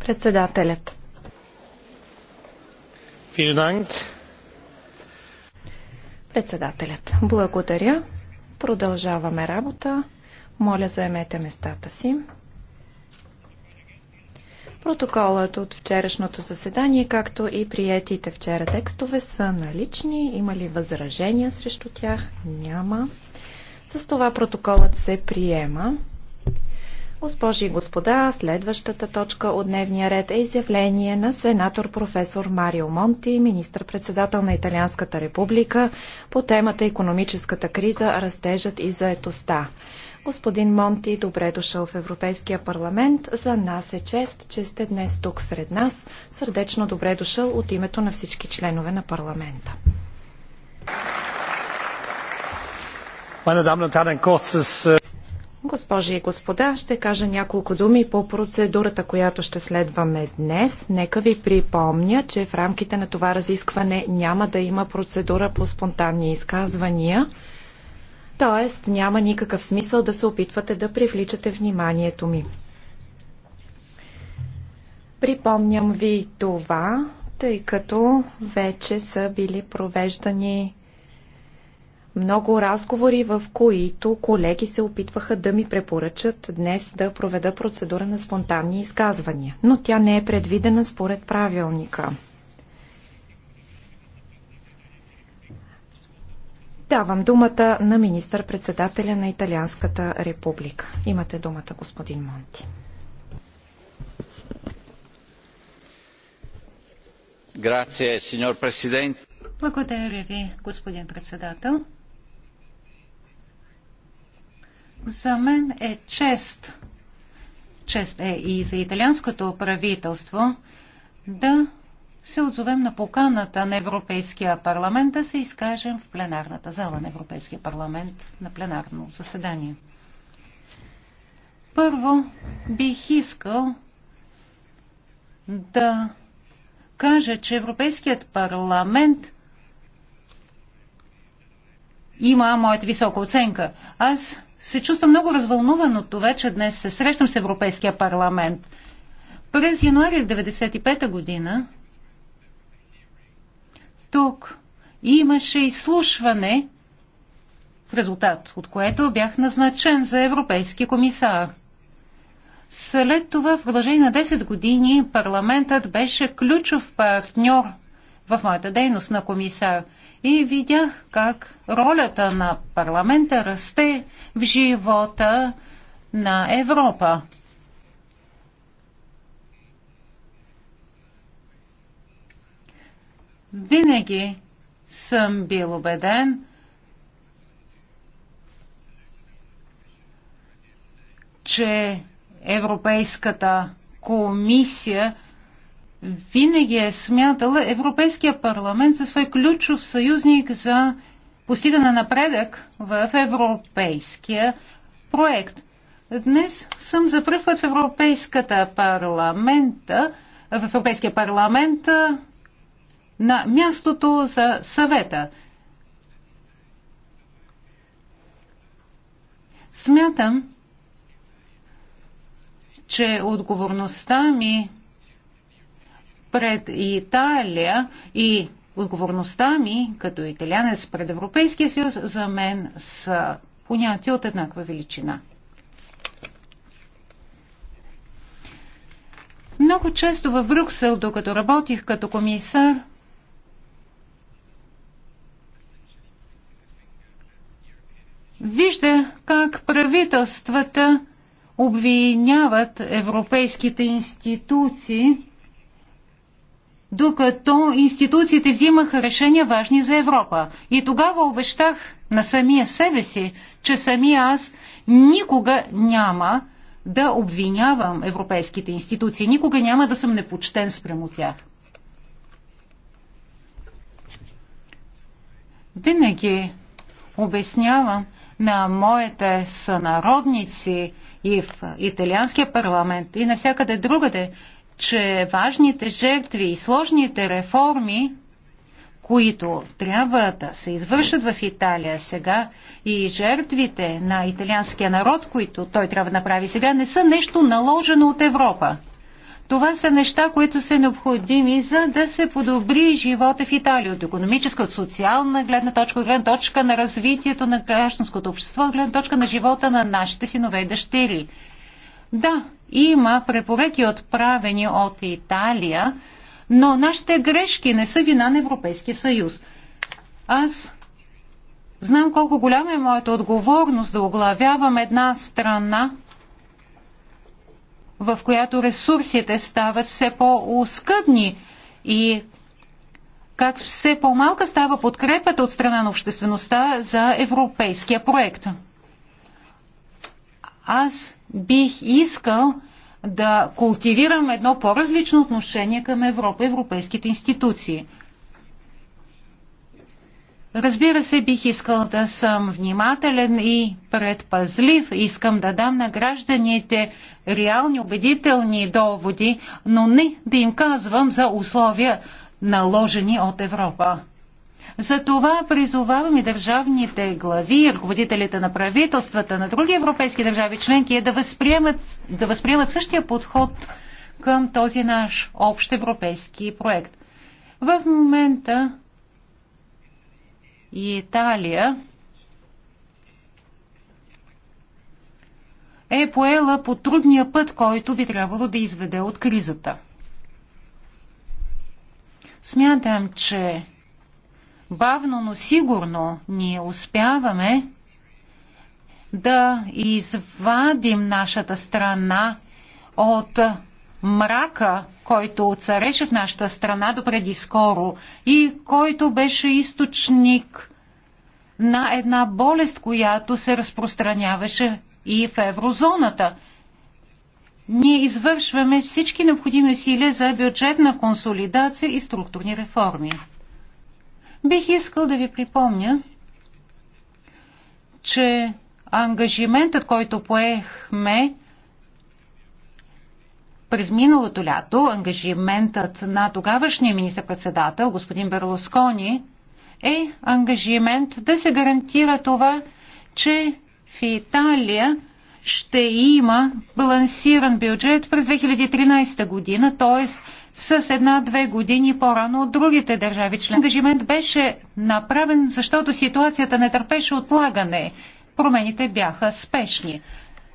Председателят. Председателят. Благодаря. Продължаваме работа. Моля, заемете местата си. Протоколът от вчерашното заседание, както и приетите вчера текстове са налични. Има ли възражения срещу тях? Няма. С това протоколът се приема. Госпожи и господа, следващата точка от дневния ред е изявление на сенатор професор Марио Монти, министр-председател на Италианската република, по темата економическата криза, растежът и заетостта. Господин Монти, добре дошъл в Европейския парламент. За нас е чест, че сте днес тук сред нас. Сърдечно добре дошъл от името на всички членове на парламента. Meine Damen und Herren, ein kurzes Госпожи и господа, ще кажа няколко думи по процедурата, която ще следваме днес. Нека ви припомня, че в рамките на това разискване няма да има процедура по спонтанни изказвания. т.е. няма никакъв смисъл да се опитвате да привличате вниманието ми. Припомням ви това, тъй като вече са били провеждани много разговори, в които колеги се опитваха да ми препоръчат днес да проведа процедура на спонтанни изказвания, но тя не е предвидена според правилника. Давам думата на министър-председателя на Италианската република. Имате думата, господин Монти. сеньор Благодаря ви, господин председател. За мен е чест, чест е и за италианското правителство да се отзовем на поканата на Европейския парламент да се изкажем в пленарната зала на Европейския парламент на пленарно заседание. Първо бих искал да кажа, че Европейският парламент има моята висока оценка. Аз се чувствам много развълнуван от това, че днес се срещам с Европейския парламент. През януари 1995 година тук имаше изслушване, в резултат от което бях назначен за европейски комисар. След това в продължение на 10 години парламентът беше ключов партньор в моята дейност на комисар и видях как ролята на парламента расте в живота на Европа. Винаги съм бил убеден, че Европейската комисия винаги е смятала Европейския парламент за свой ключов съюзник за постига на напредък в европейския проект. Днес съм за първ път в Европейската парламента, в Европейския парламент на мястото за съвета. Смятам, че отговорността ми пред Италия и отговорността ми като италянец пред Европейския съюз за мен са понятия от еднаква величина. Много често в Брюксел, докато работих като комисар, вижда как правителствата обвиняват европейските институции докато институциите взимаха решения важни за Европа. И тогава обещах на самия себе си, че самия аз никога няма да обвинявам европейските институции, никога няма да съм непочтен спрямо тях. Винаги обяснявам на моите сънародници и в италианския парламент и навсякъде другаде, че важните жертви и сложните реформи, които трябва да се извършат в Италия сега и жертвите на италианския народ, които той трябва да направи сега, не са нещо наложено от Европа. Това са неща, които са необходими за да се подобри живота в Италия от економическа, от социална гледна точка, от гледна точка на развитието на гражданското общество, от гледна точка на живота на нашите синове и дъщери. Да, има препоръки отправени от Италия, но нашите грешки не са вина на Европейския съюз. Аз знам колко голяма е моята отговорност да оглавявам една страна, в която ресурсите стават все по-оскъдни и как все по-малка става подкрепата от страна на обществеността за европейския проект аз бих искал да култивирам едно по-различно отношение към Европа, европейските институции. Разбира се, бих искал да съм внимателен и предпазлив. Искам да дам на гражданите реални, убедителни доводи, но не да им казвам за условия, наложени от Европа. Затова призоваваме държавните глави, ръководителите на правителствата на други европейски държави членки да възприемат, да възприемат същия подход към този наш общ европейски проект. В момента и Италия е поела по трудния път, който би трябвало да изведе от кризата. Смятам, че бавно, но сигурно ние успяваме да извадим нашата страна от мрака, който цареше в нашата страна допреди скоро и който беше източник на една болест, която се разпространяваше и в еврозоната. Ние извършваме всички необходими усилия за бюджетна консолидация и структурни реформи. Бих искал да ви припомня, че ангажиментът, който поехме през миналото лято, ангажиментът на тогавашния министър-председател, господин Берлоскони, е ангажимент да се гарантира това, че в Италия ще има балансиран бюджет през 2013 година, т.е с една-две години по-рано от другите държави член. Ангажимент беше направен, защото ситуацията не търпеше отлагане. Промените бяха спешни.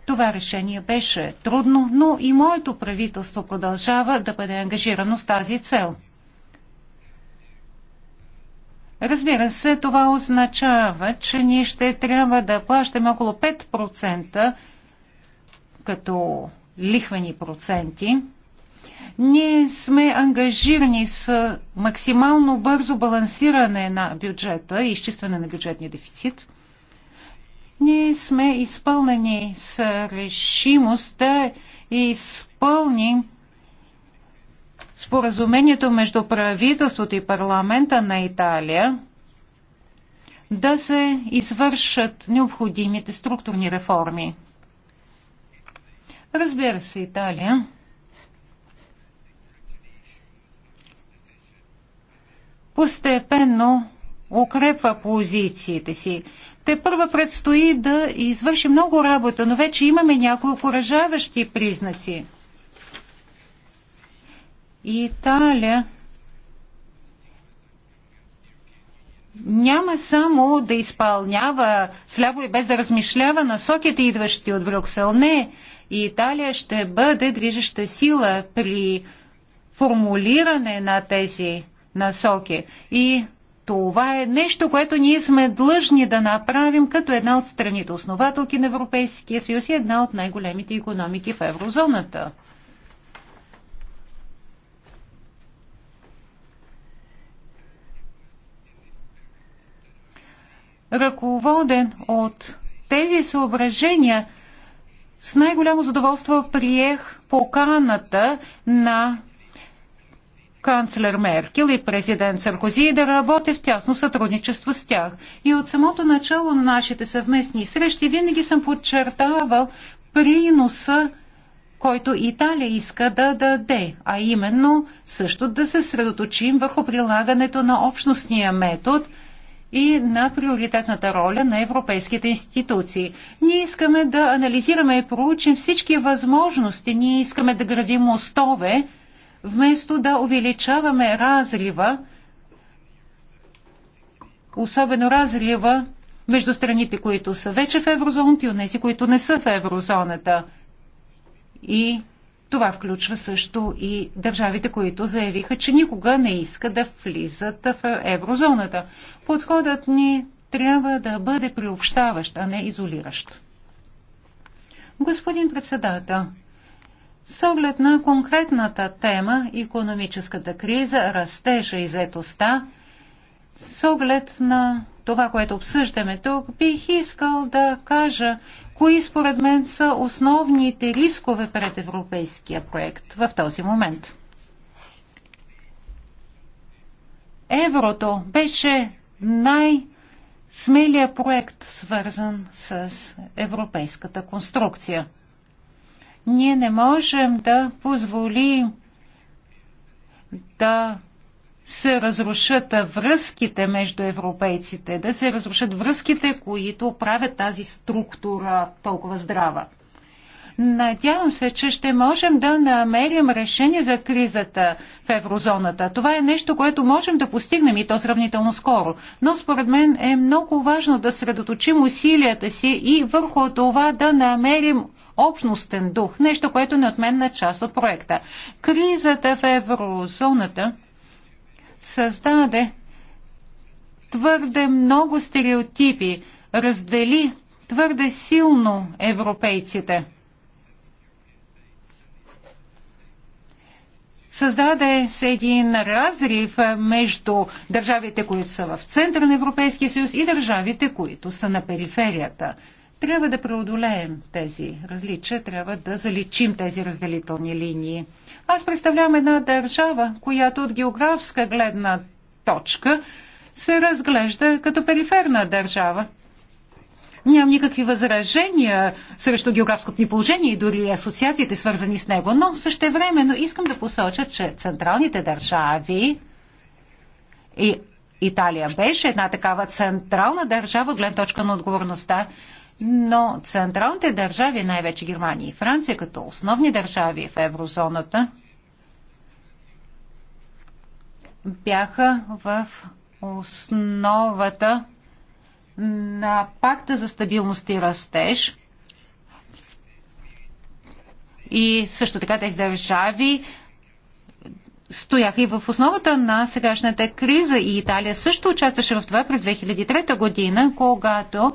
Това решение беше трудно, но и моето правителство продължава да бъде ангажирано с тази цел. Разбира се, това означава, че ние ще трябва да плащаме около 5% като лихвени проценти – ние сме ангажирани с максимално бързо балансиране на бюджета и изчистване на бюджетния дефицит. Ние сме изпълнени с решимост да изпълним споразумението между правителството и парламента на Италия да се извършат необходимите структурни реформи. Разбира се, Италия постепенно укрепва позициите си. Те първа предстои да извърши много работа, но вече имаме някои уражаващи признаци. Италия няма само да изпълнява сляво и без да размишлява насоките, идващи от Брюксел. Не, Италия ще бъде движеща сила при формулиране на тези насоки. И това е нещо, което ние сме длъжни да направим като една от страните основателки на Европейския съюз и една от най-големите економики в еврозоната. Ръководен от тези съображения, с най-голямо задоволство приех поканата на канцлер Меркел и президент Саркози да работя в тясно сътрудничество с тях. И от самото начало на нашите съвместни срещи винаги съм подчертавал приноса, който Италия иска да даде, а именно също да се средоточим върху прилагането на общностния метод – и на приоритетната роля на европейските институции. Ние искаме да анализираме и проучим всички възможности, ние искаме да градим мостове вместо да увеличаваме разлива, особено разлива между страните, които са вече в еврозоната и тези, които не са в еврозоната. И това включва също и държавите, които заявиха, че никога не искат да влизат в еврозоната. Подходът ни трябва да бъде приобщаващ, а не изолиращ. Господин председател, с оглед на конкретната тема – економическата криза, растежа и заетостта, с оглед на това, което обсъждаме тук, бих искал да кажа, кои според мен са основните рискове пред европейския проект в този момент. Еврото беше най-смелия проект, свързан с европейската конструкция – ние не можем да позволим да се разрушат връзките между европейците, да се разрушат връзките, които правят тази структура толкова здрава. Надявам се, че ще можем да намерим решение за кризата в еврозоната. Това е нещо, което можем да постигнем и то сравнително скоро. Но според мен е много важно да средоточим усилията си и върху това да намерим общностен дух, нещо, което не отменна част от проекта. Кризата в еврозоната създаде твърде много стереотипи, раздели твърде силно европейците. Създаде се един разрив между държавите, които са в центъра на Европейския съюз и държавите, които са на периферията. Трябва да преодолеем тези различия, трябва да заличим тези разделителни линии. Аз представлявам една държава, която от географска гледна точка се разглежда като периферна държава. Нямам никакви възражения срещу географското ни положение и дори асоциациите свързани с него, но същевременно искам да посоча, че централните държави и Италия беше една такава централна държава, гледна точка на отговорността но централните държави, най-вече Германия и Франция, като основни държави в еврозоната, бяха в основата на пакта за стабилност и растеж. И също така тези държави стояха и в основата на сегашната криза. И Италия също участваше в това през 2003 година, когато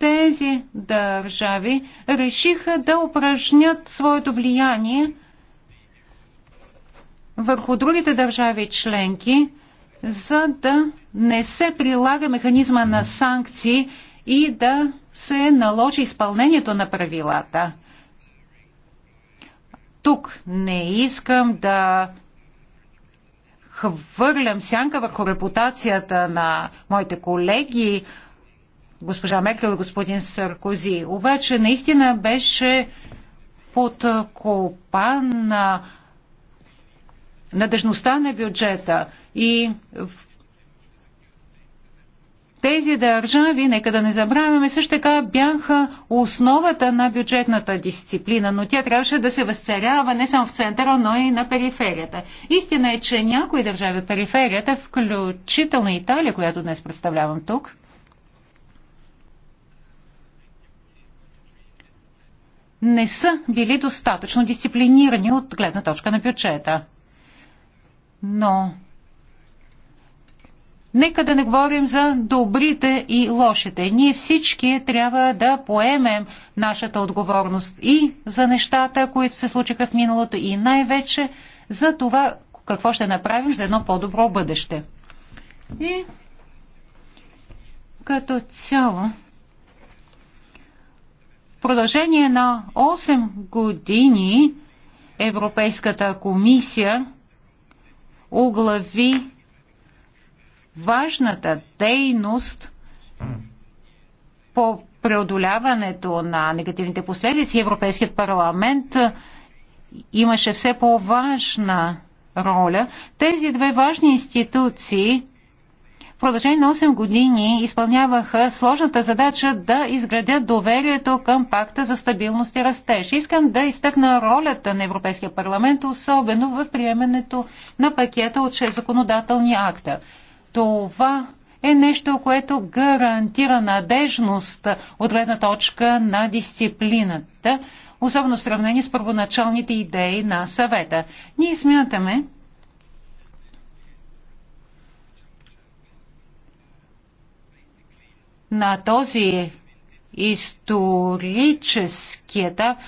тези държави решиха да упражнят своето влияние върху другите държави членки, за да не се прилага механизма на санкции и да се наложи изпълнението на правилата. Тук не искам да хвърлям сянка върху репутацията на моите колеги госпожа Меркел и господин Саркози. Обаче наистина беше копа на надежността на бюджета и в тези държави, нека да не забравяме, също така бяха основата на бюджетната дисциплина, но тя трябваше да се възцарява не само в центъра, но и на периферията. Истина е, че някои държави от периферията, включително Италия, която днес представлявам тук, не са били достатъчно дисциплинирани от гледна точка на бюджета. Но нека да не говорим за добрите и лошите. Ние всички трябва да поемем нашата отговорност и за нещата, които се случиха в миналото, и най-вече за това, какво ще направим за едно по-добро бъдеще. И като цяло продължение на 8 години Европейската комисия оглави важната дейност по преодоляването на негативните последици. Европейският парламент имаше все по-важна роля. Тези две важни институции продължение на 8 години изпълняваха сложната задача да изградят доверието към пакта за стабилност и растеж. Искам да изтъкна ролята на Европейския парламент, особено в приемането на пакета от 6 законодателни акта. Това е нещо, което гарантира надежност от гледна точка на дисциплината, особено в сравнение с първоначалните идеи на съвета. Ние смятаме, на този исторически етап,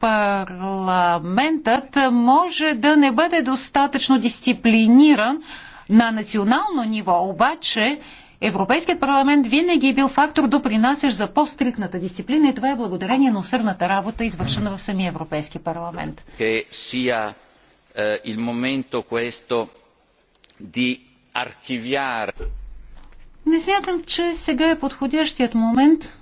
парламентът може да не бъде достатъчно дисциплиниран на национално ниво, обаче Европейският парламент винаги е бил фактор допринасящ за по-стрикната дисциплина и това е благодарение на усърната работа, извършена в самия Европейски парламент. Не смятам, че сега е подходящият момент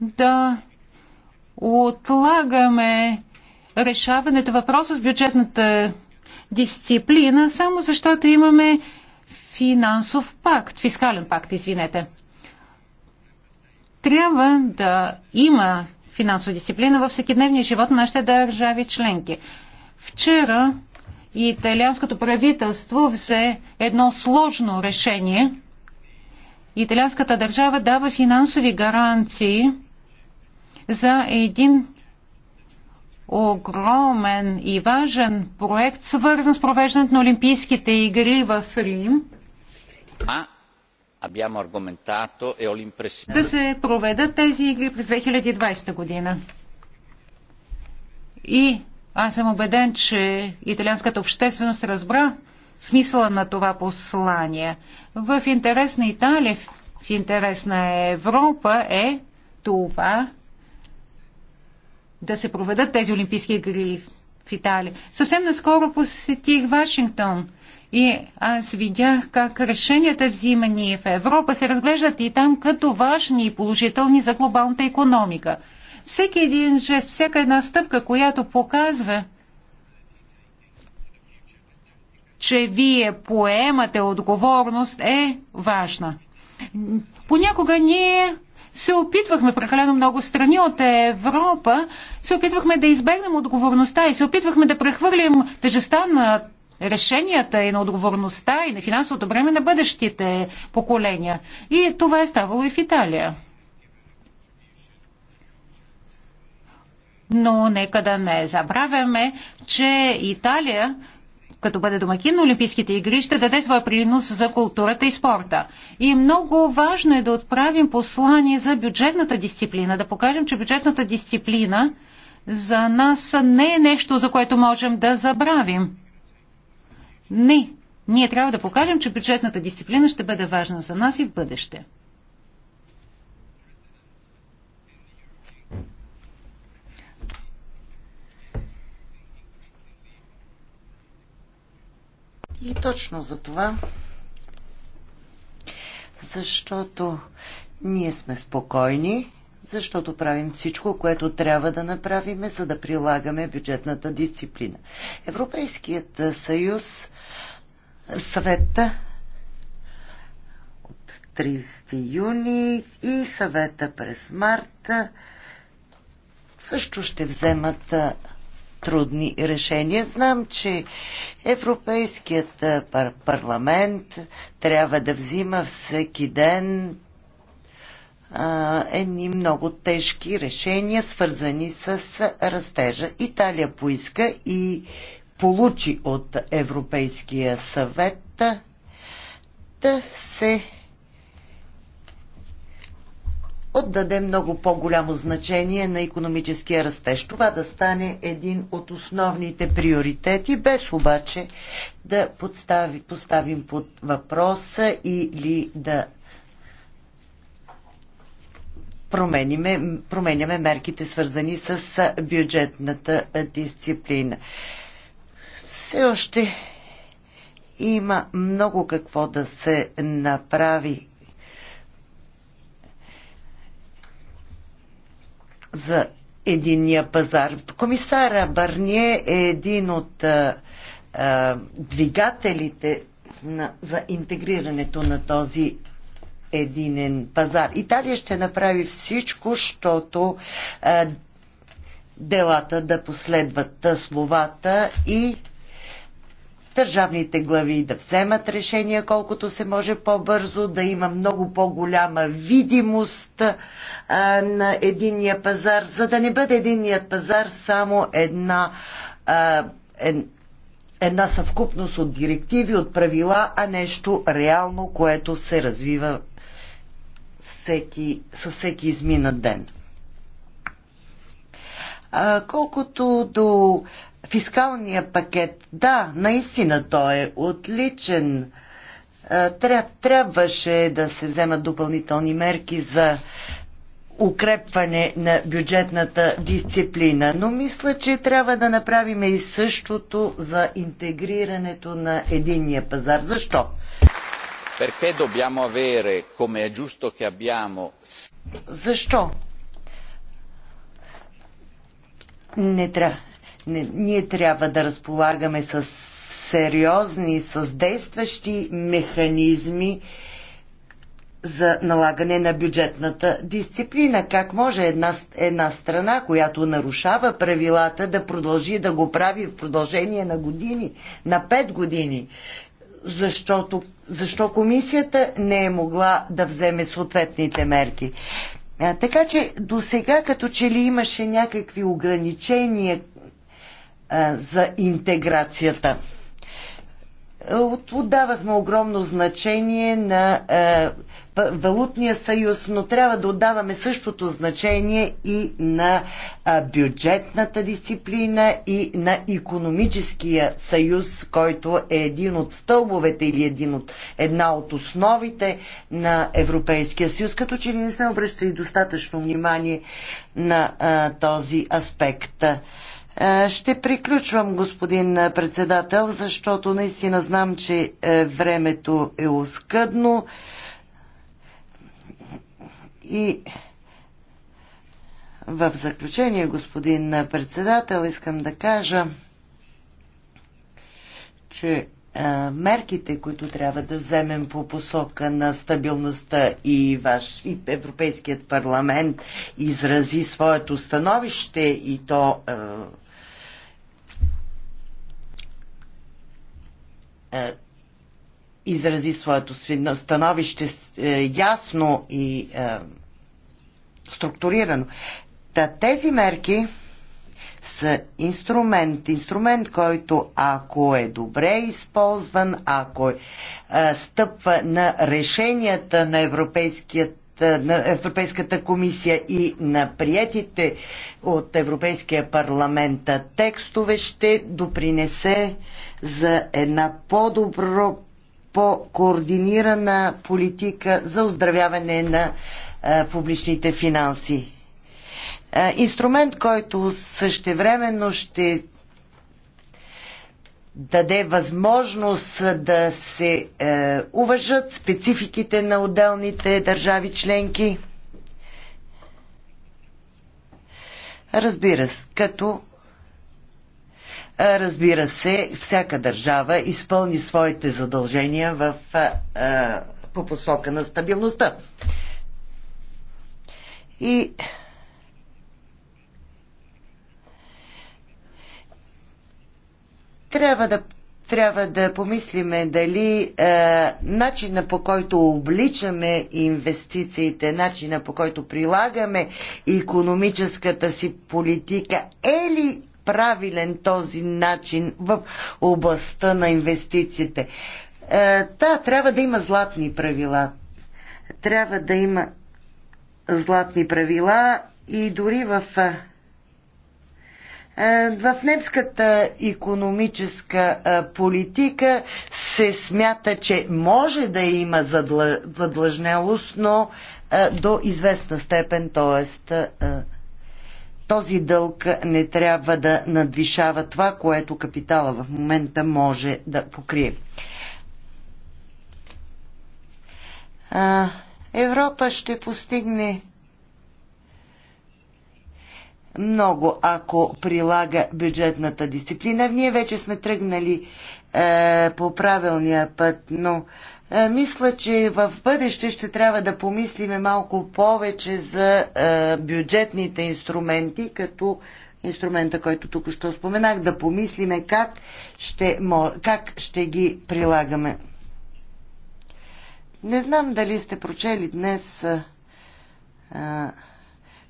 да отлагаме решаването въпроса с бюджетната дисциплина, само защото имаме финансов пакт, фискален пакт, извинете. Трябва да има финансова дисциплина във всекидневния живот на нашите държави членки. Вчера италианското правителство взе едно сложно решение. Италианската държава дава финансови гаранции за един огромен и важен проект, свързан с провеждането на Олимпийските игри в Рим. А, abbiamo argomentato e ho l'impressione... Да се проведат тези игри през 2020 година. И аз съм убеден, че италианската общественост разбра смисъла на това послание. В интерес на Италия, в интерес на Европа е това да се проведат тези Олимпийски игри в Италия. Съвсем наскоро посетих Вашингтон и аз видях как решенията взимани в Европа се разглеждат и там като важни и положителни за глобалната економика – всеки един жест, всяка една стъпка, която показва, че вие поемате отговорност е важна. Понякога ние се опитвахме прекалено много страни от Европа, се опитвахме да избегнем отговорността и се опитвахме да прехвърлим тежеста на решенията и на отговорността и на финансовото време на бъдещите поколения. И това е ставало и в Италия. но нека да не забравяме, че Италия като бъде домакин на Олимпийските игри, ще даде своя принос за културата и спорта. И много важно е да отправим послание за бюджетната дисциплина, да покажем, че бюджетната дисциплина за нас не е нещо, за което можем да забравим. Не, ние трябва да покажем, че бюджетната дисциплина ще бъде важна за нас и в бъдеще. И точно за това, защото ние сме спокойни, защото правим всичко, което трябва да направим, за да прилагаме бюджетната дисциплина. Европейският съюз, съвета от 30 юни и съвета през марта също ще вземат трудни решения. Знам, че Европейският пар- парламент трябва да взима всеки ден а, едни много тежки решения, свързани с растежа. Италия поиска и получи от Европейския съвет да се отдаде много по-голямо значение на економическия растеж. Това да стане един от основните приоритети, без обаче да подстави, поставим под въпроса или да промениме, променяме мерките свързани с бюджетната дисциплина. Все още има много какво да се направи за единния пазар. Комисара Барние е един от а, а, двигателите на, за интегрирането на този единен пазар. Италия ще направи всичко, защото делата да последват словата и държавните глави да вземат решения колкото се може по-бързо, да има много по-голяма видимост а, на единния пазар, за да не бъде единният пазар само една, а, е, една съвкупност от директиви, от правила, а нещо реално, което се развива всеки, със всеки изминат ден. А, колкото до фискалния пакет, да, наистина той е отличен. Е, трябваше да се вземат допълнителни мерки за укрепване на бюджетната дисциплина, но мисля, че трябва да направим и същото за интегрирането на единния пазар. Защо? Perché dobbiamo avere, come è giusto che abbiamo... Защо? Не трябва не, ние трябва да разполагаме с сериозни, с действащи механизми за налагане на бюджетната дисциплина. Как може една, една страна, която нарушава правилата, да продължи да го прави в продължение на години, на пет години? Защото, защо комисията не е могла да вземе съответните мерки? А, така че до сега като че ли имаше някакви ограничения за интеграцията. Отдавахме огромно значение на валутния съюз, но трябва да отдаваме същото значение и на бюджетната дисциплина и на економическия съюз, който е един от стълбовете или един от, една от основите на Европейския съюз, като че не сме обръщали достатъчно внимание на а, този аспект. Е, ще приключвам, господин председател, защото наистина знам, че е, времето е оскъдно и в заключение, господин председател, искам да кажа, че е, мерките, които трябва да вземем по посока на стабилността и, ваш, и Европейският парламент изрази своето становище и то Е, изрази своето становище е, ясно и е, структурирано. Та тези мерки са инструмент, инструмент, който ако е добре използван, ако е, стъпва на решенията на Европейският на Европейската комисия и на приятите от Европейския парламент текстове ще допринесе за една по-добро, по-координирана политика за оздравяване на публичните финанси. Инструмент, който същевременно ще даде възможност да се е, уважат спецификите на отделните държави членки. Разбира се, като е, разбира се, всяка държава изпълни своите задължения в, е, е по посока на стабилността. И Трябва да, трябва да помислиме дали е, начина по който обличаме инвестициите, начина по който прилагаме економическата си политика е ли правилен този начин в областта на инвестициите. Е, да, трябва да има златни правила. Трябва да има златни правила и дори в е, е, в немската економическа е, политика се смята, че може да има задлъжнялост, но е, до известна степен, т.е. този дълг не трябва да надвишава това, което капитала в момента може да покрие. Европа ще постигне много, ако прилага бюджетната дисциплина. Ние вече сме тръгнали е, по правилния път, но е, мисля, че в бъдеще ще трябва да помислиме малко повече за е, бюджетните инструменти, като инструмента, който тук ще споменах, да помислиме как ще, как ще ги прилагаме. Не знам дали сте прочели днес. Е,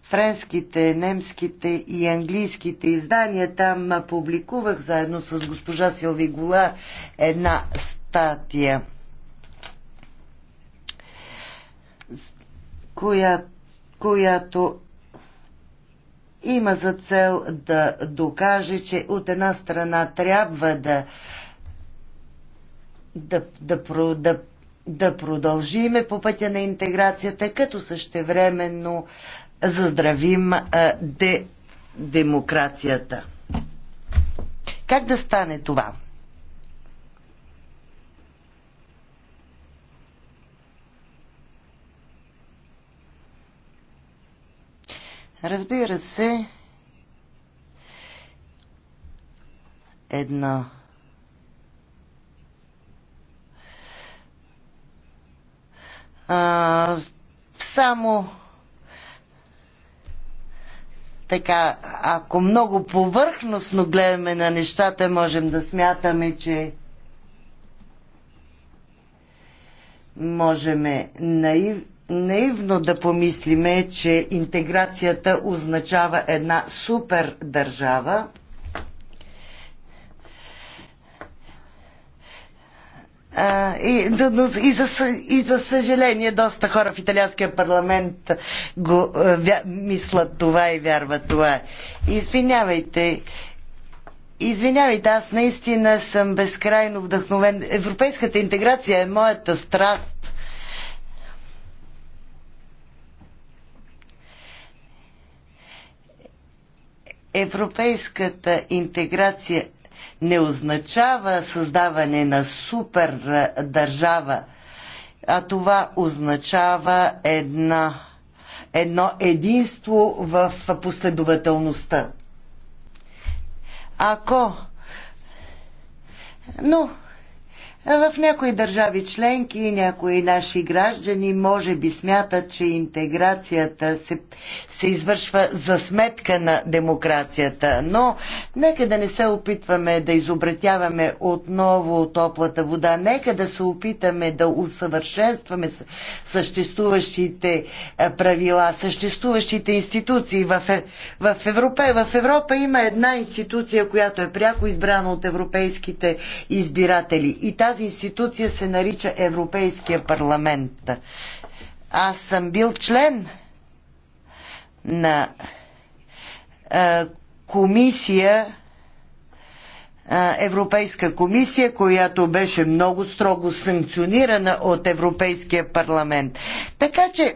френските, немските и английските издания. Там публикувах заедно с госпожа Силви Гола една статия, коя, която има за цел да докаже, че от една страна трябва да да, да, да, да продължиме по пътя на интеграцията, като същевременно заздравим де, демокрацията. Как да стане това? Разбира се, едно а, само така, ако много повърхностно гледаме на нещата, можем да смятаме, че можем наив, наивно да помислиме, че интеграцията означава една супер държава, и, и, за, и за съжаление, доста хора в италианския парламент го вя, мислят това и вярват това. Извинявайте. Извинявайте, аз наистина съм безкрайно вдъхновен. Европейската интеграция е моята страст. Европейската интеграция не означава създаване на супер държава, а това означава една, едно единство в последователността. Ако но в някои държави членки и някои наши граждани може би смятат, че интеграцията се, се извършва за сметка на демокрацията. Но нека да не се опитваме да изобретяваме отново топлата вода. Нека да се опитаме да усъвършенстваме съществуващите е, правила, съществуващите институции. В, е, в, Европа, в Европа има една институция, която е пряко избрана от европейските избиратели. И тази тази институция се нарича Европейския парламент. Аз съм бил член на а, комисия Европейска комисия, която беше много строго санкционирана от Европейския парламент. Така че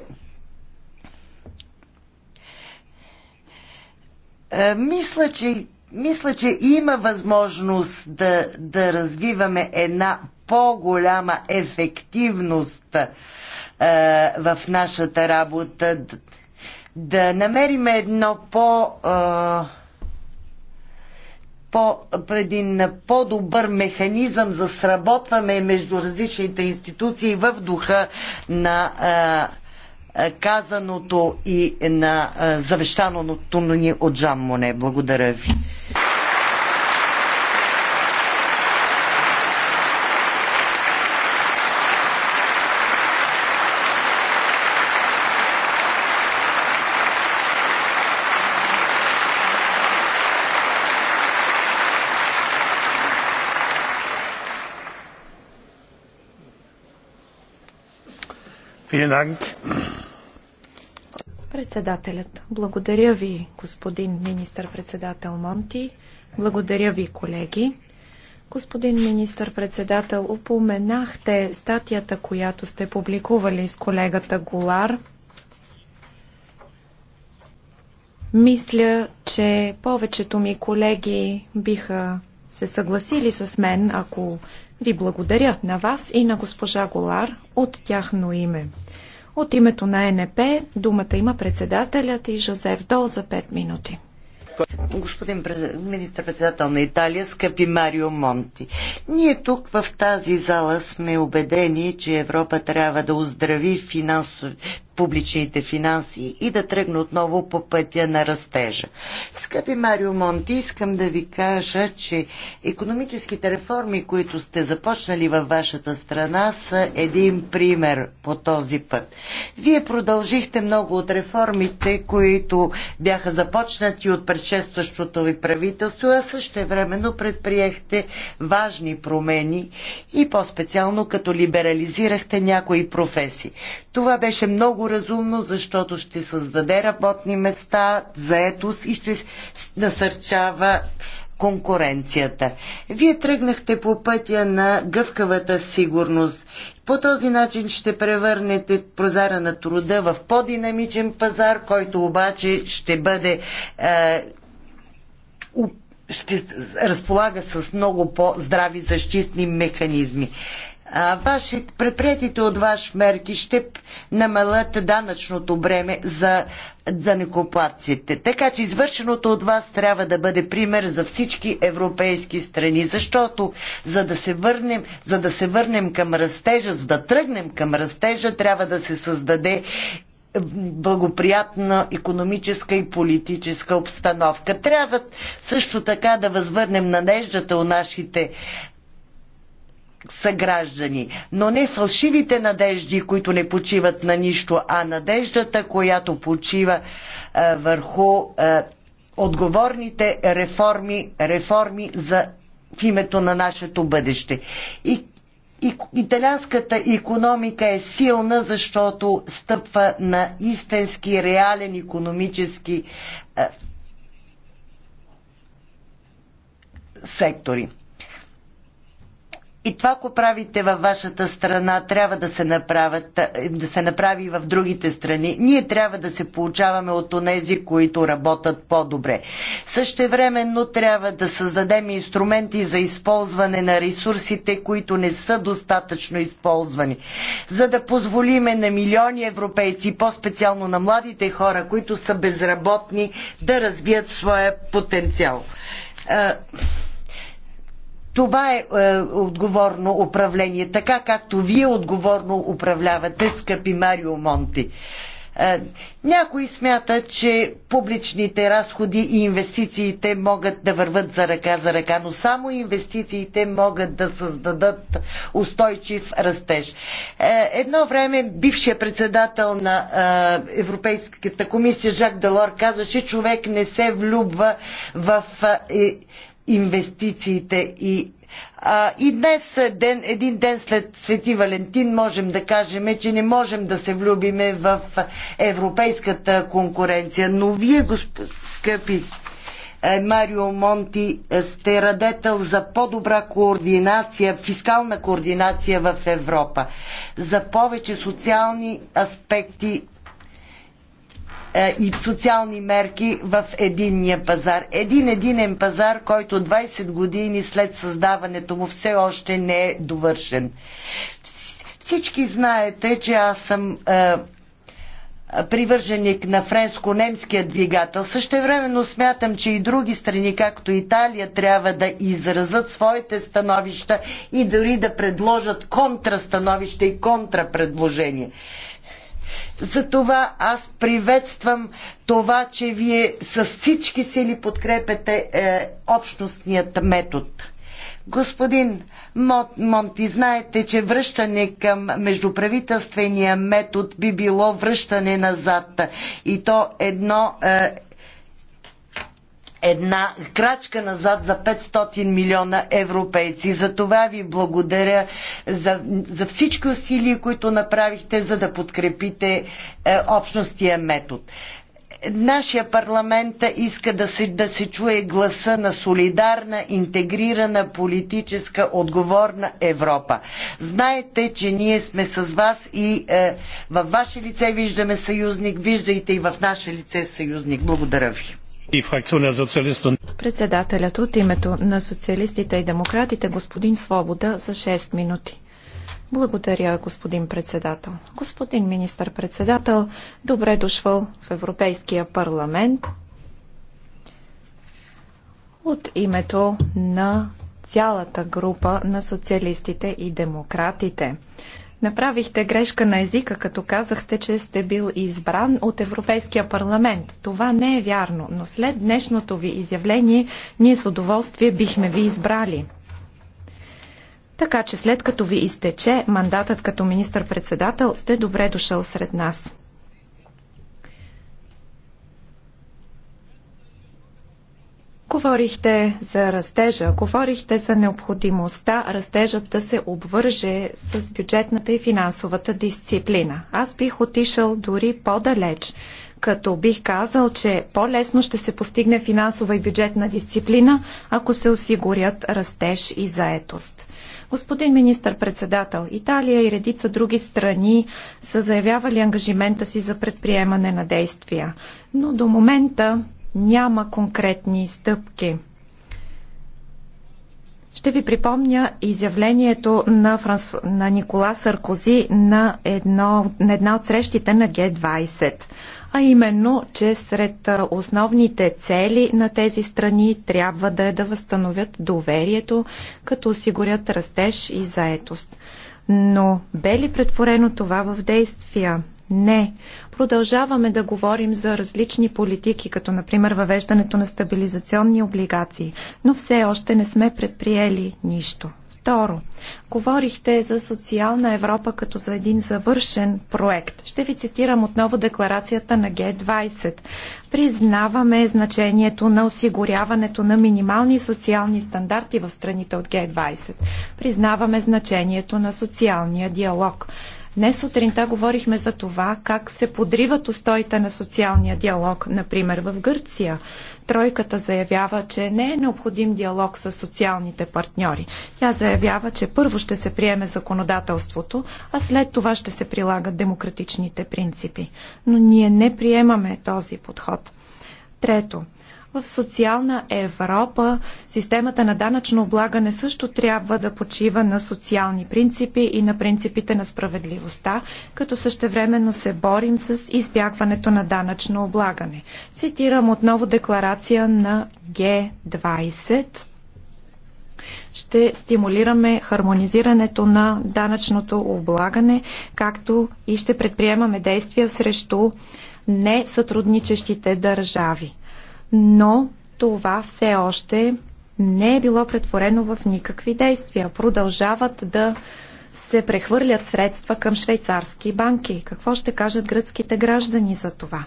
мисля, че мисля, че има възможност да, да развиваме една по-голяма ефективност е, в нашата работа, да, да намерим едно по, е, по един по-добър механизъм за сработване между различните институции в духа на а, е, е, казаното и на е, завещаното ни от Жан Моне. Благодаря ви. Председателят. Благодаря ви, господин министър-председател Монти. Благодаря ви, колеги. Господин министър-председател, упоменахте статията, която сте публикували с колегата Голар. Мисля, че повечето ми колеги биха се съгласили с мен, ако ви благодаря на вас и на госпожа Голар от тяхно име. От името на НП думата има председателят и Жозеф Дол за 5 минути. Господин министр-председател на Италия, скъпи Марио Монти, ние тук в тази зала сме убедени, че Европа трябва да оздрави финансови публичните финанси и да тръгна отново по пътя на растежа. Скъпи Марио Монти, искам да ви кажа, че економическите реформи, които сте започнали във вашата страна, са един пример по този път. Вие продължихте много от реформите, които бяха започнати от предшестващото ви правителство, а също времено предприехте важни промени и по-специално като либерализирахте някои професии. Това беше много много разумно, защото ще създаде работни места, заетост и ще насърчава конкуренцията. Вие тръгнахте по пътя на гъвкавата сигурност. По този начин ще превърнете прозара на труда в по-динамичен пазар, който обаче ще бъде е, ще разполага с много по-здрави защитни механизми а, препретите от ваш мерки ще намалят данъчното бреме за данекоплатците. Така че извършеното от вас трябва да бъде пример за всички европейски страни, защото за да се върнем, за да се върнем към растежа, за да тръгнем към растежа, трябва да се създаде благоприятна економическа и политическа обстановка. Трябва също така да възвърнем надеждата у нашите съграждани, но не фалшивите надежди, които не почиват на нищо, а надеждата, която почива а, е, върху а, е, отговорните реформи, реформи за в името на нашето бъдеще. И Италианската економика е силна, защото стъпва на истински реален економически е, сектори. И това, ако правите във вашата страна, трябва да се, направят, да се направи и в другите страни. Ние трябва да се получаваме от онези, които работят по-добре. Същевременно трябва да създадем инструменти за използване на ресурсите, които не са достатъчно използвани. За да позволиме на милиони европейци, по-специално на младите хора, които са безработни, да развият своя потенциал. Това е, е отговорно управление, така както вие отговорно управлявате, скъпи Марио Монти. Е, някои смятат, че публичните разходи и инвестициите могат да върват за ръка за ръка, но само инвестициите могат да създадат устойчив растеж. Е, едно време бившия председател на е, Европейската комисия Жак Делор казваше, човек не се влюбва в. Е, инвестициите и а, и днес, ден, един ден след Свети Валентин, можем да кажем, че не можем да се влюбиме в европейската конкуренция. Но вие, госп... скъпи е, Марио Монти, е, сте радетел за по-добра координация, фискална координация в Европа, за повече социални аспекти е, и социални мерки в единния пазар. Един единен пазар, който 20 години след създаването му все още не е довършен. Всички знаете, че аз съм е, привърженик на френско-немския двигател. Същевременно смятам, че и други страни, както Италия, трябва да изразят своите становища и дори да предложат контрастановища и контрапредложения. Затова аз приветствам това, че вие с всички сили подкрепяте е, общностният метод. Господин Монти, знаете, че връщане към междуправителствения метод би било връщане назад. И то едно е, една крачка назад за 500 милиона европейци. За това ви благодаря за, за всички усилия, които направихте, за да подкрепите е, общностия метод. Нашия парламент иска да се, да се чуе гласа на солидарна, интегрирана, политическа, отговорна Европа. Знаете, че ние сме с вас и е, във ваше лице виждаме съюзник, виждайте и в наше лице съюзник. Благодаря ви. Председателят от името на социалистите и демократите господин Свобода за 6 минути. Благодаря, господин председател. Господин министър-председател, добре дошъл в Европейския парламент от името на цялата група на социалистите и демократите. Направихте грешка на езика, като казахте, че сте бил избран от Европейския парламент. Това не е вярно, но след днешното ви изявление ние с удоволствие бихме ви избрали. Така че след като ви изтече мандатът като министър-председател, сте добре дошъл сред нас. Говорихте за растежа, говорихте за необходимостта растежът да се обвърже с бюджетната и финансовата дисциплина. Аз бих отишъл дори по-далеч, като бих казал, че по-лесно ще се постигне финансова и бюджетна дисциплина, ако се осигурят растеж и заетост. Господин министър-председател, Италия и редица други страни са заявявали ангажимента си за предприемане на действия, но до момента няма конкретни стъпки. Ще ви припомня изявлението на, Франсу... на Никола Саркози на, едно... на една от срещите на Г-20, а именно, че сред основните цели на тези страни трябва да е да възстановят доверието, като осигурят растеж и заетост. Но бе ли претворено това в действия? Не. Продължаваме да говорим за различни политики, като например въвеждането на стабилизационни облигации, но все още не сме предприели нищо. Второ, говорихте за социална Европа като за един завършен проект. Ще ви цитирам отново декларацията на Г20. Признаваме значението на осигуряването на минимални социални стандарти в страните от Г20. Признаваме значението на социалния диалог. Днес сутринта говорихме за това как се подриват устоите на социалния диалог, например в Гърция. Тройката заявява, че не е необходим диалог с социалните партньори. Тя заявява, че първо ще се приеме законодателството, а след това ще се прилагат демократичните принципи. Но ние не приемаме този подход. Трето, в социална Европа системата на данъчно облагане също трябва да почива на социални принципи и на принципите на справедливостта, като същевременно се борим с избягването на данъчно облагане. Цитирам отново декларация на Г20 ще стимулираме хармонизирането на данъчното облагане, както и ще предприемаме действия срещу несътрудничещите държави но това все още не е било претворено в никакви действия. Продължават да се прехвърлят средства към швейцарски банки. Какво ще кажат гръцките граждани за това?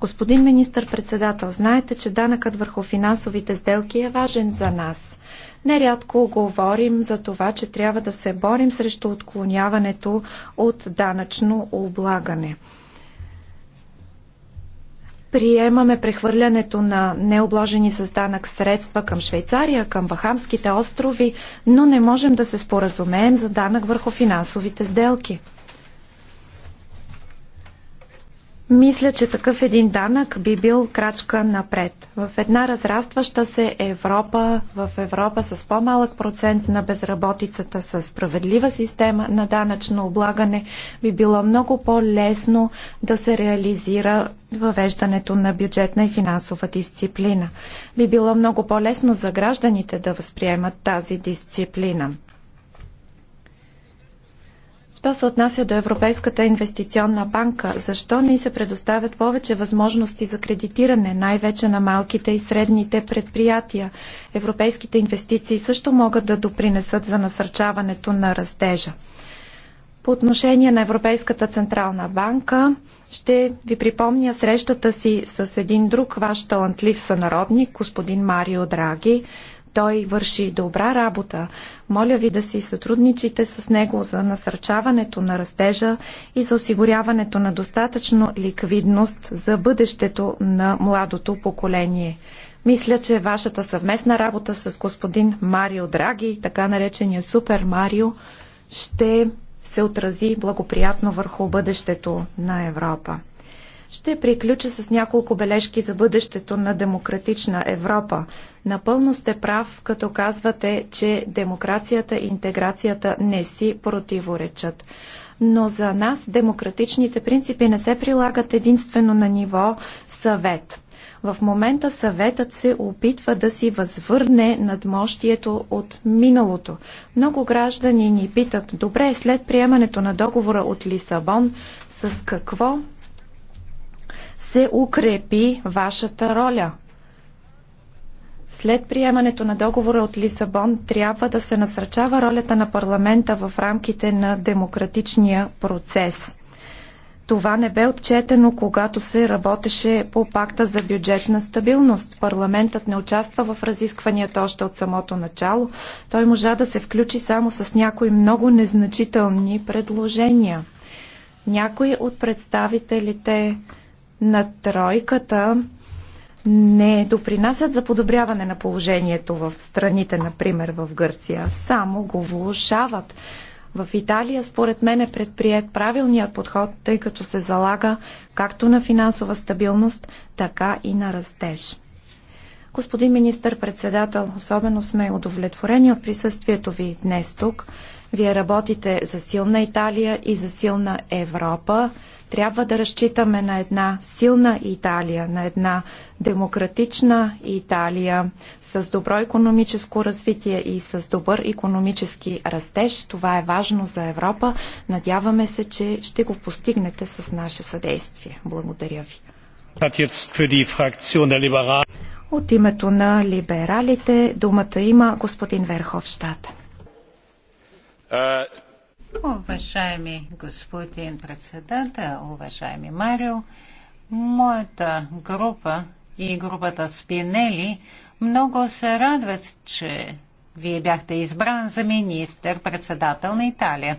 Господин министър-председател, знаете, че данъкът върху финансовите сделки е важен за нас. Нерядко говорим за това, че трябва да се борим срещу отклоняването от данъчно облагане. Приемаме прехвърлянето на необложени с данък средства към Швейцария, към Бахамските острови, но не можем да се споразумеем за данък върху финансовите сделки. Мисля, че такъв един данък би бил крачка напред. В една разрастваща се Европа, в Европа с по-малък процент на безработицата, с справедлива система на данъчно облагане, би било много по-лесно да се реализира въвеждането на бюджетна и финансова дисциплина. Би било много по-лесно за гражданите да възприемат тази дисциплина. Що се отнася до Европейската инвестиционна банка, защо не се предоставят повече възможности за кредитиране, най-вече на малките и средните предприятия? Европейските инвестиции също могат да допринесат за насърчаването на растежа. По отношение на Европейската централна банка, ще ви припомня срещата си с един друг ваш талантлив сънародник, господин Марио Драги. Той върши добра работа. Моля ви да си сътрудничите с него за насърчаването на растежа и за осигуряването на достатъчно ликвидност за бъдещето на младото поколение. Мисля, че вашата съвместна работа с господин Марио Драги, така наречения Супер Марио, ще се отрази благоприятно върху бъдещето на Европа. Ще приключа с няколко бележки за бъдещето на демократична Европа. Напълно сте прав, като казвате, че демокрацията и интеграцията не си противоречат. Но за нас демократичните принципи не се прилагат единствено на ниво съвет. В момента съветът се опитва да си възвърне надмощието от миналото. Много граждани ни питат, добре, след приемането на договора от Лисабон, с какво се укрепи вашата роля. След приемането на договора от Лисабон трябва да се насръчава ролята на парламента в рамките на демократичния процес. Това не бе отчетено, когато се работеше по пакта за бюджетна стабилност. Парламентът не участва в разискванията още от самото начало. Той можа да се включи само с някои много незначителни предложения. Някои от представителите на тройката не допринасят за подобряване на положението в страните, например в Гърция, само го влушават. В Италия, според мен, е предприят правилният подход, тъй като се залага както на финансова стабилност, така и на растеж. Господин министър-председател, особено сме удовлетворени от присъствието ви днес тук. Вие работите за силна Италия и за силна Европа. Трябва да разчитаме на една силна Италия, на една демократична Италия с добро економическо развитие и с добър економически растеж. Това е важно за Европа. Надяваме се, че ще го постигнете с наше съдействие. Благодаря ви. От името на либералите думата има господин Верховщата. Уважаеми господин председател, уважаеми Марио, моята група и групата Спинели много се радват, че вие бяхте избран за министър-председател на Италия.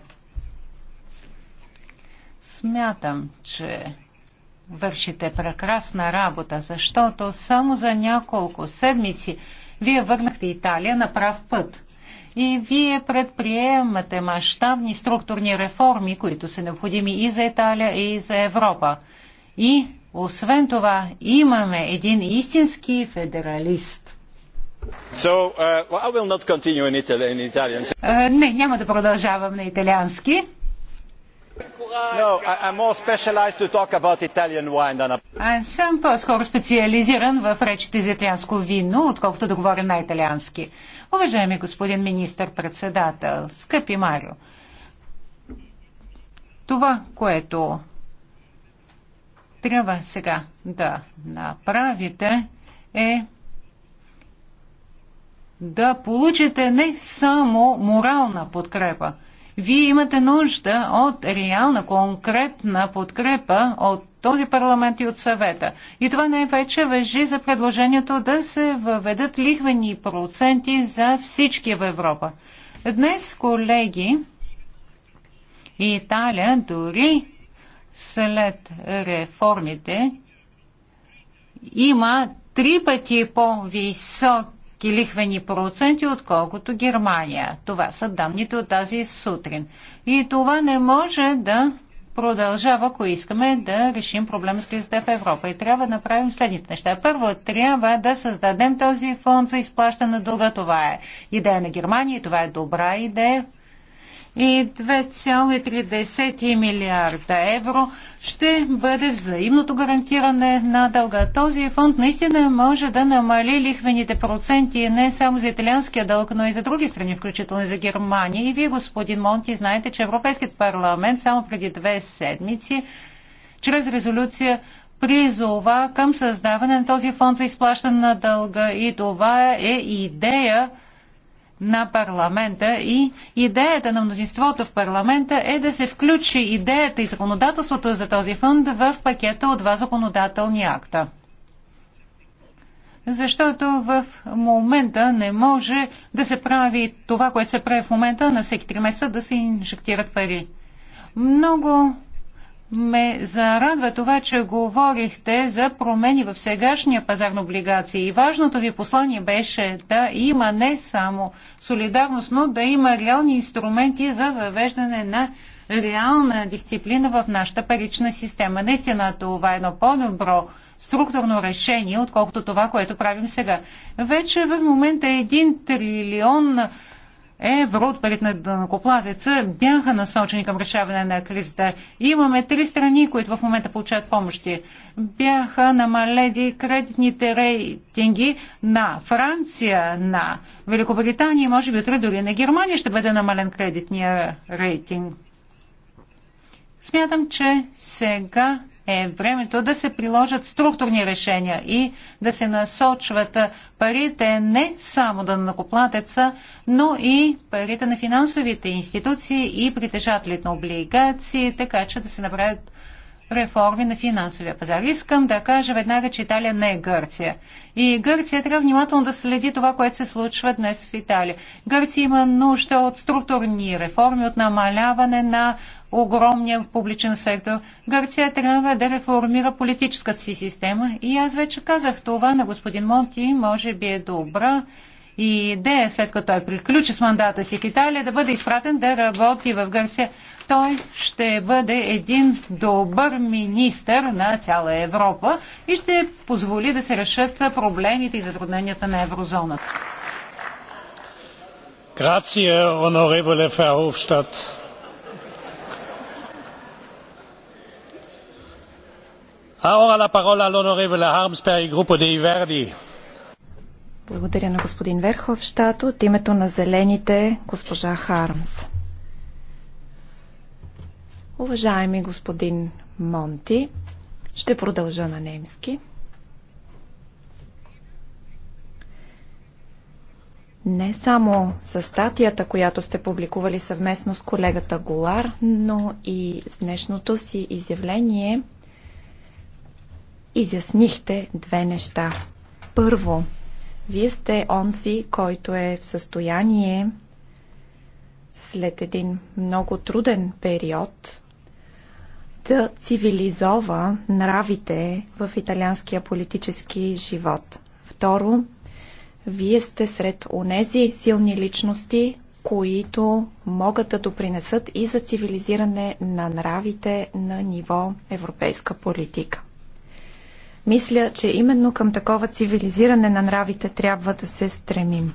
Смятам, че вършите прекрасна работа, защото само за няколко седмици вие върнахте Италия на прав път и вие предприемате мащабни структурни реформи, които са необходими и за Италия, и за Европа. И освен това имаме един истински федералист. So, uh, in Italy, in uh, не, няма да продължавам на италиански. No, a... Аз съм по-скоро специализиран в речите за италианско вино, отколкото да говоря на италиански. Уважаеми господин министър-председател, скъпи Марио, това, което трябва сега да направите е да получите не само морална подкрепа. Вие имате нужда от реална, конкретна подкрепа от този парламент и от съвета. И това най-вече въжи за предложението да се въведат лихвени проценти за всички в Европа. Днес, колеги, Италия дори след реформите има три пъти по-високи лихвени проценти, отколкото Германия. Това са данните от тази сутрин. И това не може да продължава, ако искаме да решим проблема с кризата в Европа. И трябва да направим следните неща. Първо, трябва да създадем този фонд за изплащане на дълга. Това е идея на Германия, това е добра идея и 2,3 милиарда евро ще бъде взаимното гарантиране на дълга. Този фонд наистина може да намали лихвените проценти не само за италианския дълг, но и за други страни, включително и за Германия. И вие, господин Монти, знаете, че Европейският парламент само преди две седмици чрез резолюция призова към създаване на този фонд за изплащане на дълга. И това е идея, на парламента и идеята на мнозинството в парламента е да се включи идеята и законодателството за този фонд в пакета от два законодателни акта. Защото в момента не може да се прави това, което се прави в момента, на всеки три месеца да се инжектират пари. Много ме зарадва това, че говорихте за промени в сегашния пазар на облигации. И важното ви послание беше да има не само солидарност, но да има реални инструменти за въвеждане на реална дисциплина в нашата парична система. Наистина това е едно по-добро структурно решение, отколкото това, което правим сега. Вече в момента е трилион евро от парите на данокоплатеца бяха насочени към решаване на кризата. Имаме три страни, които в момента получават помощи. Бяха намалени кредитните рейтинги на Франция, на Великобритания и може би утре дори на Германия ще бъде намален кредитния рейтинг. Смятам, че сега е времето да се приложат структурни решения и да се насочват парите не само да на накоплатеца, но и парите на финансовите институции и притежателите на облигации, така че да се направят реформи на финансовия пазар. Искам да кажа веднага, че Италия не е Гърция. И Гърция трябва внимателно да следи това, което се случва днес в Италия. Гърция има нужда от структурни реформи, от намаляване на огромния публичен сектор. Гърция трябва да реформира политическата си система и аз вече казах това на господин Монти, може би е добра и идея, след като той приключи с мандата си в Италия, да бъде изпратен да работи в Гърция. Той ще бъде един добър министр на цяла Европа и ще позволи да се решат проблемите и затрудненията на еврозоната. Grazie, onorevole Verhofstadt. Благодаря на господин Верховщад. От името на Зелените, госпожа Хармс. Уважаеми господин Монти, ще продължа на немски. не само с статията, която сте публикували съвместно с колегата Голар, но и с днешното си изявление – изяснихте две неща. Първо, вие сте онзи, който е в състояние след един много труден период да цивилизова нравите в италианския политически живот. Второ, вие сте сред онези силни личности, които могат да допринесат и за цивилизиране на нравите на ниво европейска политика. Мисля, че именно към такова цивилизиране на нравите трябва да се стремим.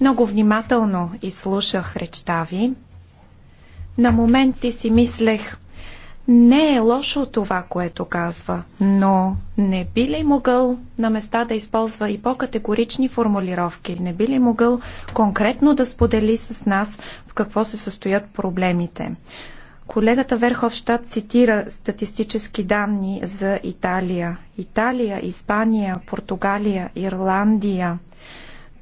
Много внимателно изслушах речта ви. На моменти си мислех, не е лошо това, което казва, но не би ли могъл на места да използва и по-категорични формулировки? Не би ли могъл конкретно да сподели с нас в какво се състоят проблемите? Колегата Верховщад цитира статистически данни за Италия. Италия, Испания, Португалия, Ирландия,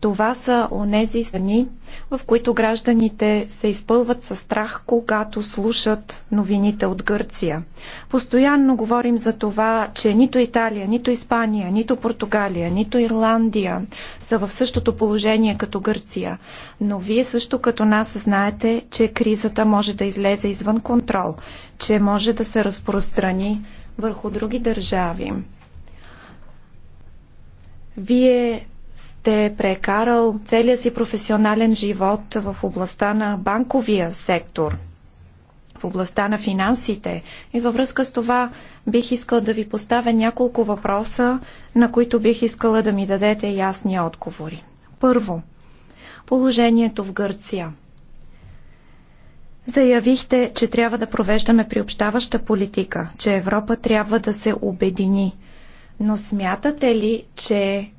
това са онези страни, в които гражданите се изпълват със страх, когато слушат новините от Гърция. Постоянно говорим за това, че нито Италия, нито Испания, нито Португалия, нито Ирландия са в същото положение като Гърция. Но вие също като нас знаете, че кризата може да излезе извън контрол, че може да се разпространи върху други държави. Вие сте прекарал целия си професионален живот в областта на банковия сектор, в областта на финансите. И във връзка с това бих искал да ви поставя няколко въпроса, на които бих искала да ми дадете ясни отговори. Първо, положението в Гърция. Заявихте, че трябва да провеждаме приобщаваща политика, че Европа трябва да се обедини. Но смятате ли, че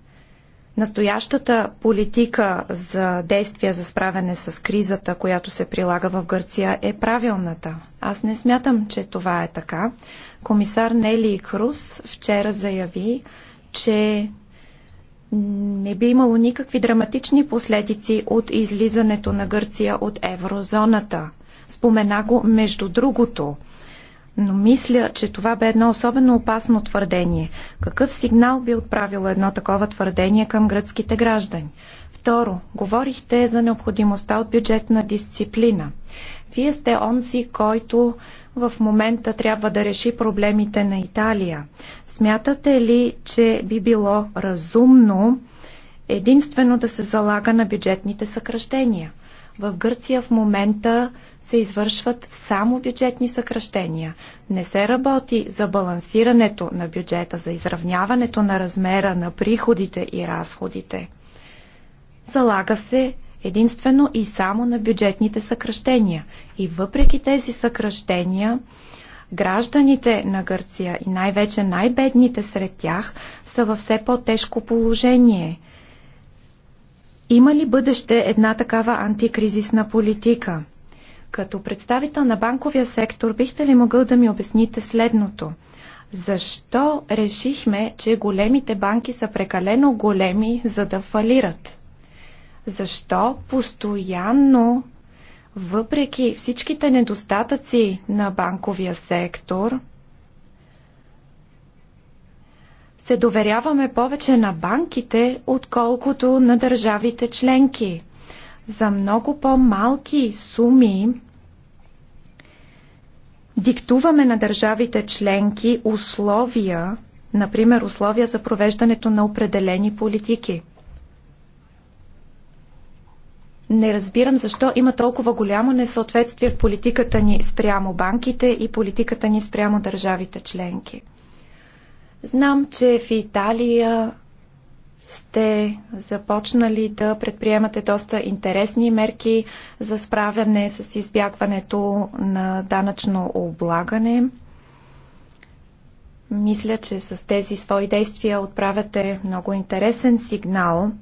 Настоящата политика за действия за справяне с кризата, която се прилага в Гърция, е правилната. Аз не смятам, че това е така. Комисар Нели Крус вчера заяви, че не би имало никакви драматични последици от излизането на Гърция от еврозоната. Спомена го между другото. Но мисля, че това бе едно особено опасно твърдение. Какъв сигнал би отправило едно такова твърдение към гръцките граждани? Второ, говорихте за необходимостта от бюджетна дисциплина. Вие сте онзи, който в момента трябва да реши проблемите на Италия. Смятате ли, че би било разумно единствено да се залага на бюджетните съкръщения? В Гърция в момента се извършват само бюджетни съкръщения. Не се работи за балансирането на бюджета, за изравняването на размера на приходите и разходите. Залага се единствено и само на бюджетните съкръщения. И въпреки тези съкръщения, гражданите на Гърция и най-вече най-бедните сред тях са във все по-тежко положение. Има ли бъдеще една такава антикризисна политика? Като представител на банковия сектор, бихте ли могъл да ми обясните следното? Защо решихме, че големите банки са прекалено големи, за да фалират? Защо постоянно, въпреки всичките недостатъци на банковия сектор, се доверяваме повече на банките, отколкото на държавите членки. За много по-малки суми диктуваме на държавите членки условия, например условия за провеждането на определени политики. Не разбирам защо има толкова голямо несъответствие в политиката ни спрямо банките и политиката ни спрямо държавите членки. Знам, че в Италия сте започнали да предприемате доста интересни мерки за справяне с избягването на данъчно облагане. Мисля, че с тези свои действия отправяте много интересен сигнал –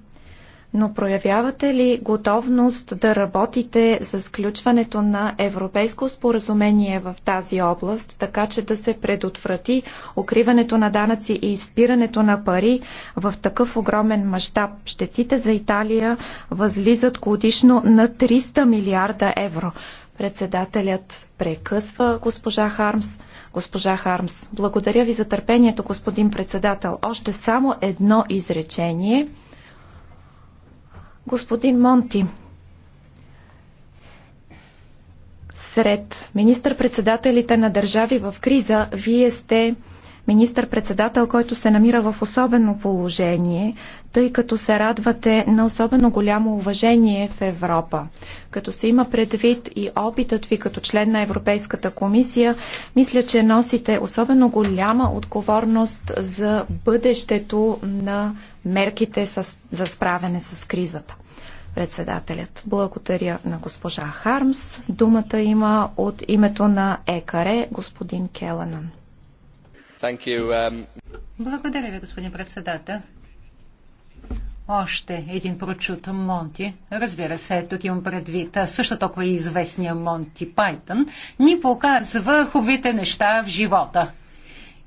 но проявявате ли готовност да работите за сключването на европейско споразумение в тази област, така че да се предотврати укриването на данъци и изпирането на пари в такъв огромен мащаб? Щетите за Италия възлизат годишно на 300 милиарда евро. Председателят прекъсва госпожа Хармс. Госпожа Хармс, благодаря ви за търпението, господин председател. Още само едно изречение – Господин Монти, сред министър-председателите на държави в криза, вие сте министър-председател, който се намира в особено положение, тъй като се радвате на особено голямо уважение в Европа. Като се има предвид и опитът ви като член на Европейската комисия, мисля, че носите особено голяма отговорност за бъдещето на мерките за справяне с кризата. Председателят. Благодаря на госпожа Хармс. Думата има от името на ЕКАРЕ господин Келанан. Um, Благодаря ви, господин председател. Още един прочут Монти. Разбира се, тук имам предвид също толкова известния Монти Пайтън. Ни показва хубавите неща в живота.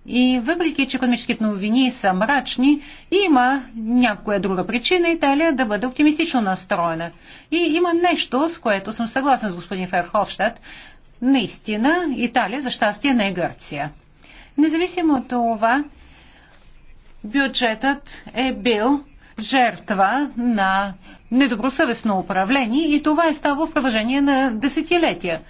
И въпреки, че економическите новини са мрачни, има някоя друга причина Италия да бъде оптимистично настроена. И има нещо, с което съм съгласен с господин Ферховщад. Наистина, Италия за щастие не е Гърция. Независимо от това, бюджетът е бил жертва на недобросъвестно управление и това е ставало в продължение на десетилетия.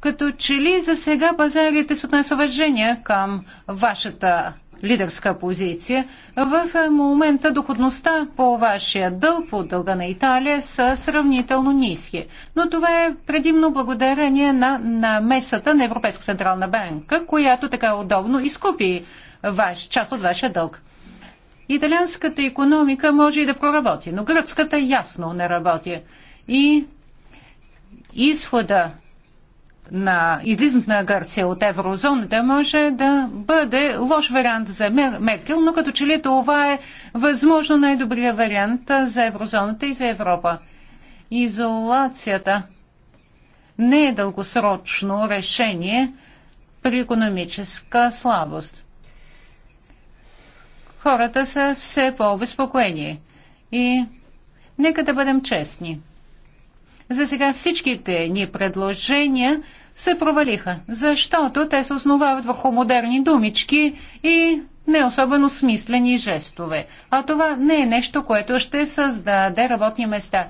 Като че ли за сега пазарите с отнес уважение към вашата лидерска позиция, в е, момента доходността по вашия дълг, по дълга на Италия, са сравнително ниски. Но това е предимно благодарение на намесата на Европейска централна банка, която така удобно изкупи ваш, част от вашия дълг. Италианската економика може и да проработи, но гръцката ясно не работи. И изхода на излизането на Гърция от еврозоната може да бъде лош вариант за Меркел, но като че ли това е възможно най-добрия вариант за еврозоната и за Европа. Изолацията не е дългосрочно решение при економическа слабост. Хората са все по-обезпокоени и нека да бъдем честни – за сега всичките ни предложения се провалиха, защото те се основават върху модерни думички и не особено смислени жестове. А това не е нещо, което ще създаде работни места.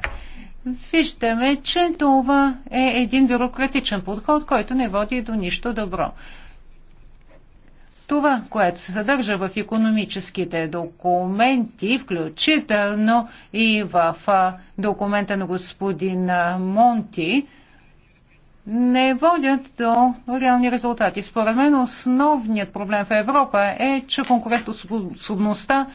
Виждаме, че това е един бюрократичен подход, който не води до нищо добро. Това, което се съдържа в економическите документи, включително и в документа на господин Монти, не водят до реални резултати. Според мен основният проблем в Европа е, че конкурентоспособността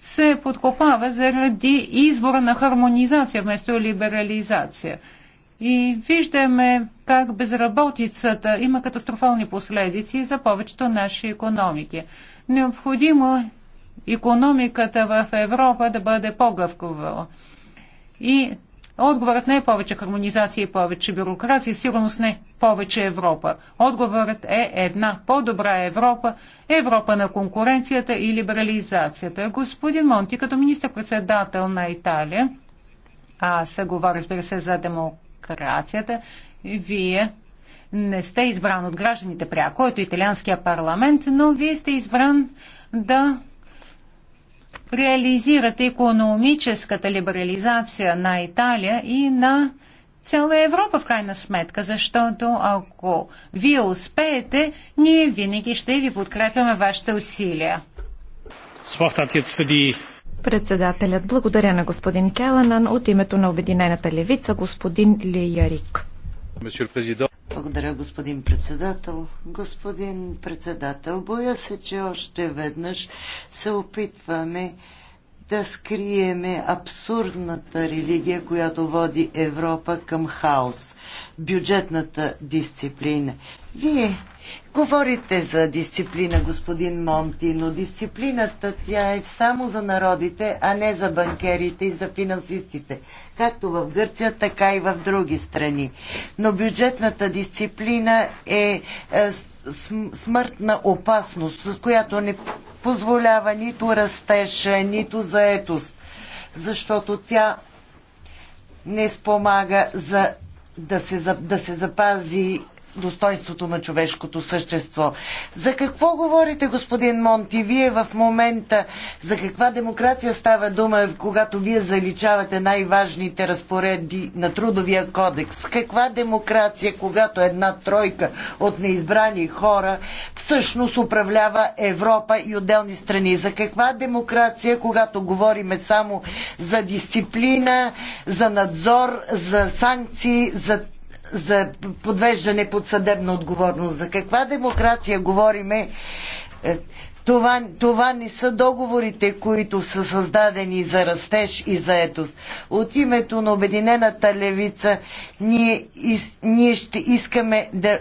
се подкопава заради избора на хармонизация вместо либерализация. И виждаме как безработицата има катастрофални последици за повечето наши економики. Необходимо економиката в Европа да бъде по гъвкова И Отговорът не е повече хармонизация и повече бюрокрация, сигурност не е повече Европа. Отговорът е една по-добра Европа, Европа на конкуренцията и либерализацията. Господин Монти, като министър-председател на Италия, а се говори, разбира се, за демокрацията, вие не сте избран от гражданите пряко, който италианския парламент, но вие сте избран да реализират економическата либерализация на Италия и на цяла Европа в крайна сметка, защото ако вие успеете, ние винаги ще ви подкрепяме вашите усилия. Председателят благодаря на господин Келанан от името на Обединената левица, господин Лиярик. Благодаря, господин председател. Господин председател, боя се, че още веднъж се опитваме да скриеме абсурдната религия, която води Европа към хаос. Бюджетната дисциплина. Вие Говорите за дисциплина, господин Монти, но дисциплината тя е само за народите, а не за банкерите и за финансистите, както в Гърция, така и в други страни. Но бюджетната дисциплина е, е смъртна опасност, с която не позволява нито растеж, нито заетост, защото тя не спомага за да се, да се запази достоинството на човешкото същество. За какво говорите, господин Монти? Вие в момента за каква демокрация става дума, когато вие заличавате най-важните разпоредби на трудовия кодекс? Каква демокрация, когато една тройка от неизбрани хора всъщност управлява Европа и отделни страни? За каква демокрация, когато говориме само за дисциплина, за надзор, за санкции, за за подвеждане под съдебна отговорност. За каква демокрация говориме? Е, това, това не са договорите, които са създадени за растеж и заетост. От името на Обединената левица ние, из, ние ще искаме да,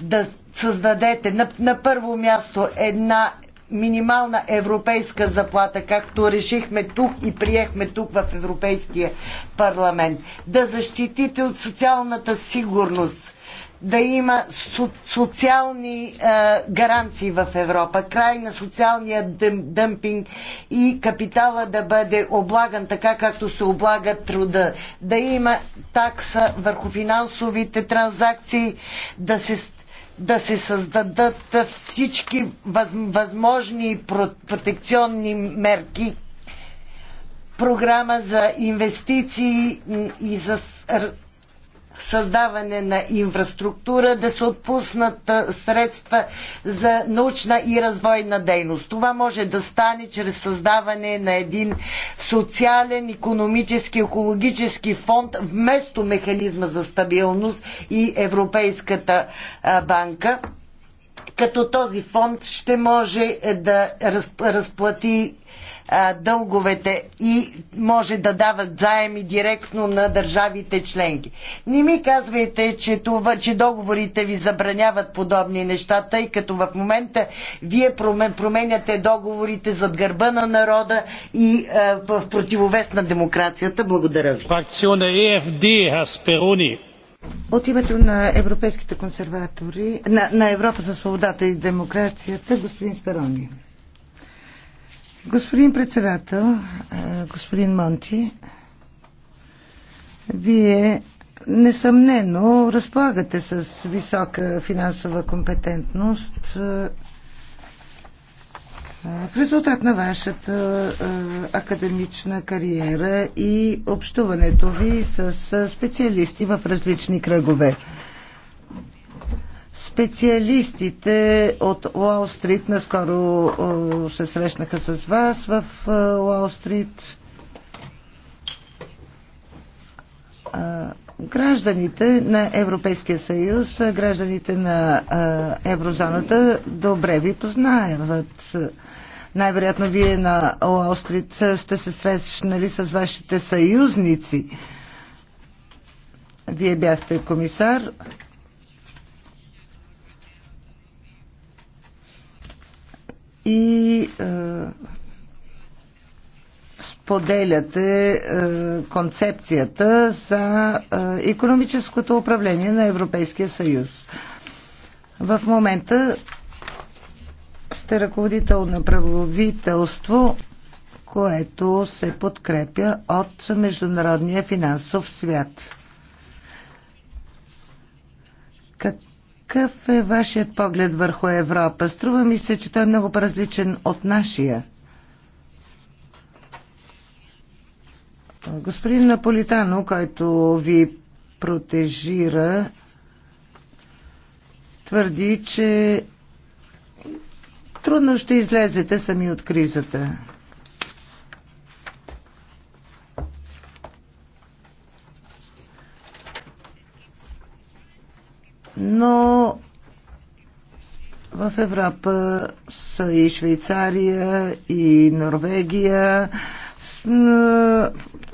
да създадете на, на първо място една минимална европейска заплата, както решихме тук и приехме тук в Европейския парламент. Да защитите от социалната сигурност да има социални е, гаранции в Европа, край на социалния дъмпинг и капитала да бъде облаган така, както се облага труда, да има такса върху финансовите транзакции, да се да се създадат всички възможни протекционни мерки, програма за инвестиции и за създаване на инфраструктура, да се отпуснат средства за научна и развойна дейност. Това може да стане чрез създаване на един социален, економически, екологически фонд вместо механизма за стабилност и Европейската банка като този фонд ще може е, да разплати дълговете и може да дават заеми директно на държавите членки. Не ми казвайте, че, това, че договорите ви забраняват подобни неща, тъй като в момента вие променяте договорите зад гърба на народа и в противовес на демокрацията. Благодаря ви. Фракциона ЕФД, Хасперони. От името на европейските консерватори, на, на Европа за свободата и демокрацията, господин Сперони. Господин председател, господин Монти, вие несъмнено разполагате с висока финансова компетентност в резултат на вашата академична кариера и общуването ви с специалисти в различни кръгове. Специалистите от Уолл Стрит наскоро се срещнаха с вас в Уолл Стрит. Гражданите на Европейския съюз, гражданите на еврозоната добре ви познаят. Най-вероятно вие на Уолл Стрит сте се срещнали с вашите съюзници. Вие бяхте комисар и е, споделяте е, концепцията за е, економическото управление на Европейския съюз. В момента сте ръководител на правовителство, което се подкрепя от международния финансов свят. Как какъв е вашият поглед върху Европа? Струва ми се, че той е много различен от нашия. Господин Наполитано, който ви протежира, твърди, че трудно ще излезете сами от кризата. но в Европа са и Швейцария, и Норвегия,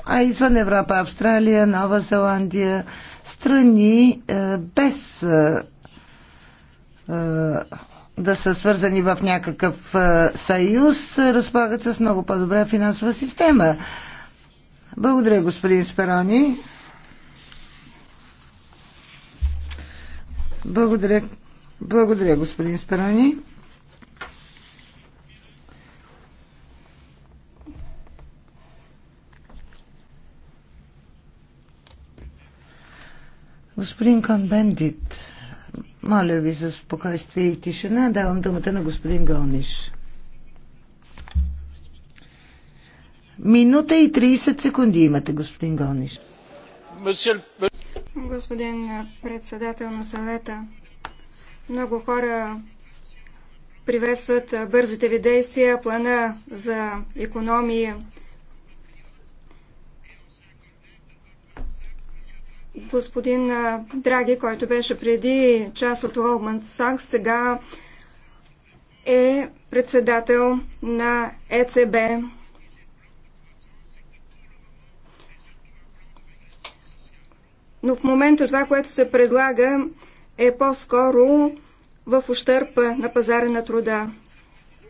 а извън Европа Австралия, Нова Зеландия, страни е, без е, е, да са свързани в някакъв съюз, разполагат с много по-добра финансова система. Благодаря, господин Сперони. Благодаря, благодаря господин Спарани. Господин Конбендит, моля ви за спокойствие и тишина. Давам думата на господин Гълниш. Минута и 30 секунди имате, господин Гониш господин председател на съвета. Много хора приветстват бързите ви действия, плана за економия. Господин Драги, който беше преди част от Олман Сакс, сега е председател на ЕЦБ. но в момента това, което се предлага, е по-скоро в ущърпа на пазара на труда.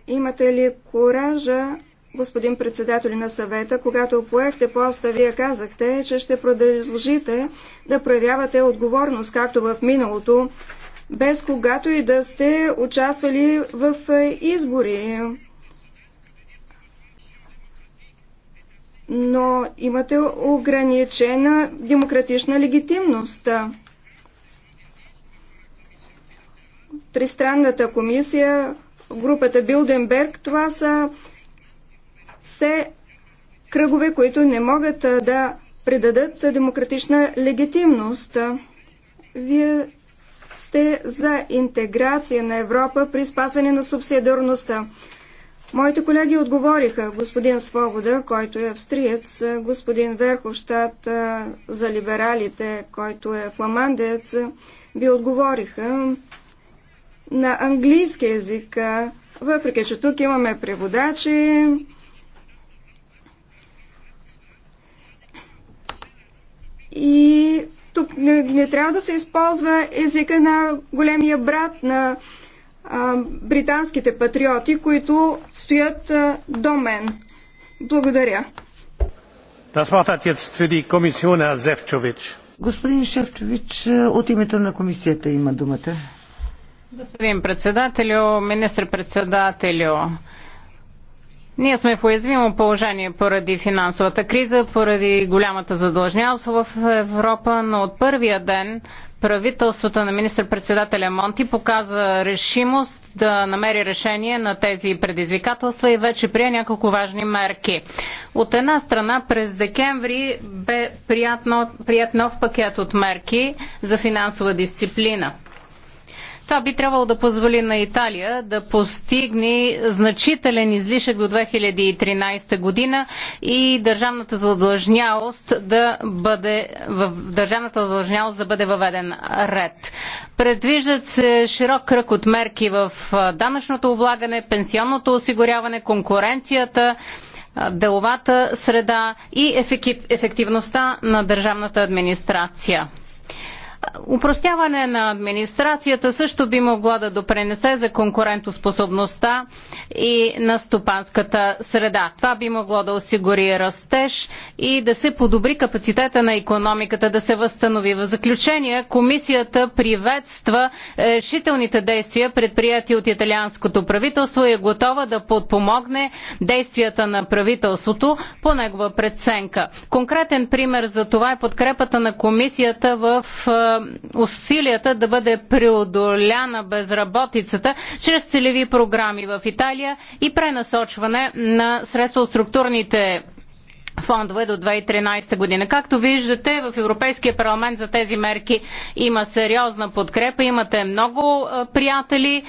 Имате ли коража, господин председател на съвета, когато поехте поста, вие казахте, че ще продължите да проявявате отговорност, както в миналото, без когато и да сте участвали в е, избори. но имате ограничена демократична легитимност. Тристранната комисия, групата Билденберг, това са все кръгове, които не могат да придадат демократична легитимност. Вие сте за интеграция на Европа при спазване на субсидиарността. Моите колеги отговориха господин Свобода, който е австриец, господин Верховщад за либералите, който е фламандец, ви отговориха на английски язик, въпреки че тук имаме преводачи. И тук не, не трябва да се използва езика на големия брат на британските патриоти, които стоят до мен. Благодаря. Господин Шефчович, е, от името на комисията има думата. Господин председателю, министр-председателю, ние сме в уязвимо положение поради финансовата криза, поради голямата задлъжнялост в Европа, но от първия ден Правителството на министр-председателя Монти показа решимост да намери решение на тези предизвикателства и вече прие няколко важни мерки. От една страна, през декември бе прият нов пакет от мерки за финансова дисциплина. Това би трябвало да позволи на Италия да постигне значителен излишък до 2013 година и държавната задлъжнялост да бъде в държавната задлъжнялост да бъде въведен ред. Предвиждат се широк кръг от мерки в данъчното облагане, пенсионното осигуряване, конкуренцията, деловата среда и ефективността на държавната администрация. Упростяване на администрацията също би могло да допренесе за конкурентоспособността и на стопанската среда. Това би могло да осигури растеж и да се подобри капацитета на економиката да се възстанови. В заключение, комисията приветства решителните действия, предприяти от италианското правителство и е готова да подпомогне действията на правителството по негова преценка. Конкретен пример за това е подкрепата на комисията в е, усилията да бъде преодоляна безработицата чрез целеви програми в Италия и пренасочване на средства от структурните фондове до 2013 година. Както виждате, в Европейския парламент за тези мерки има сериозна подкрепа, имате много приятели,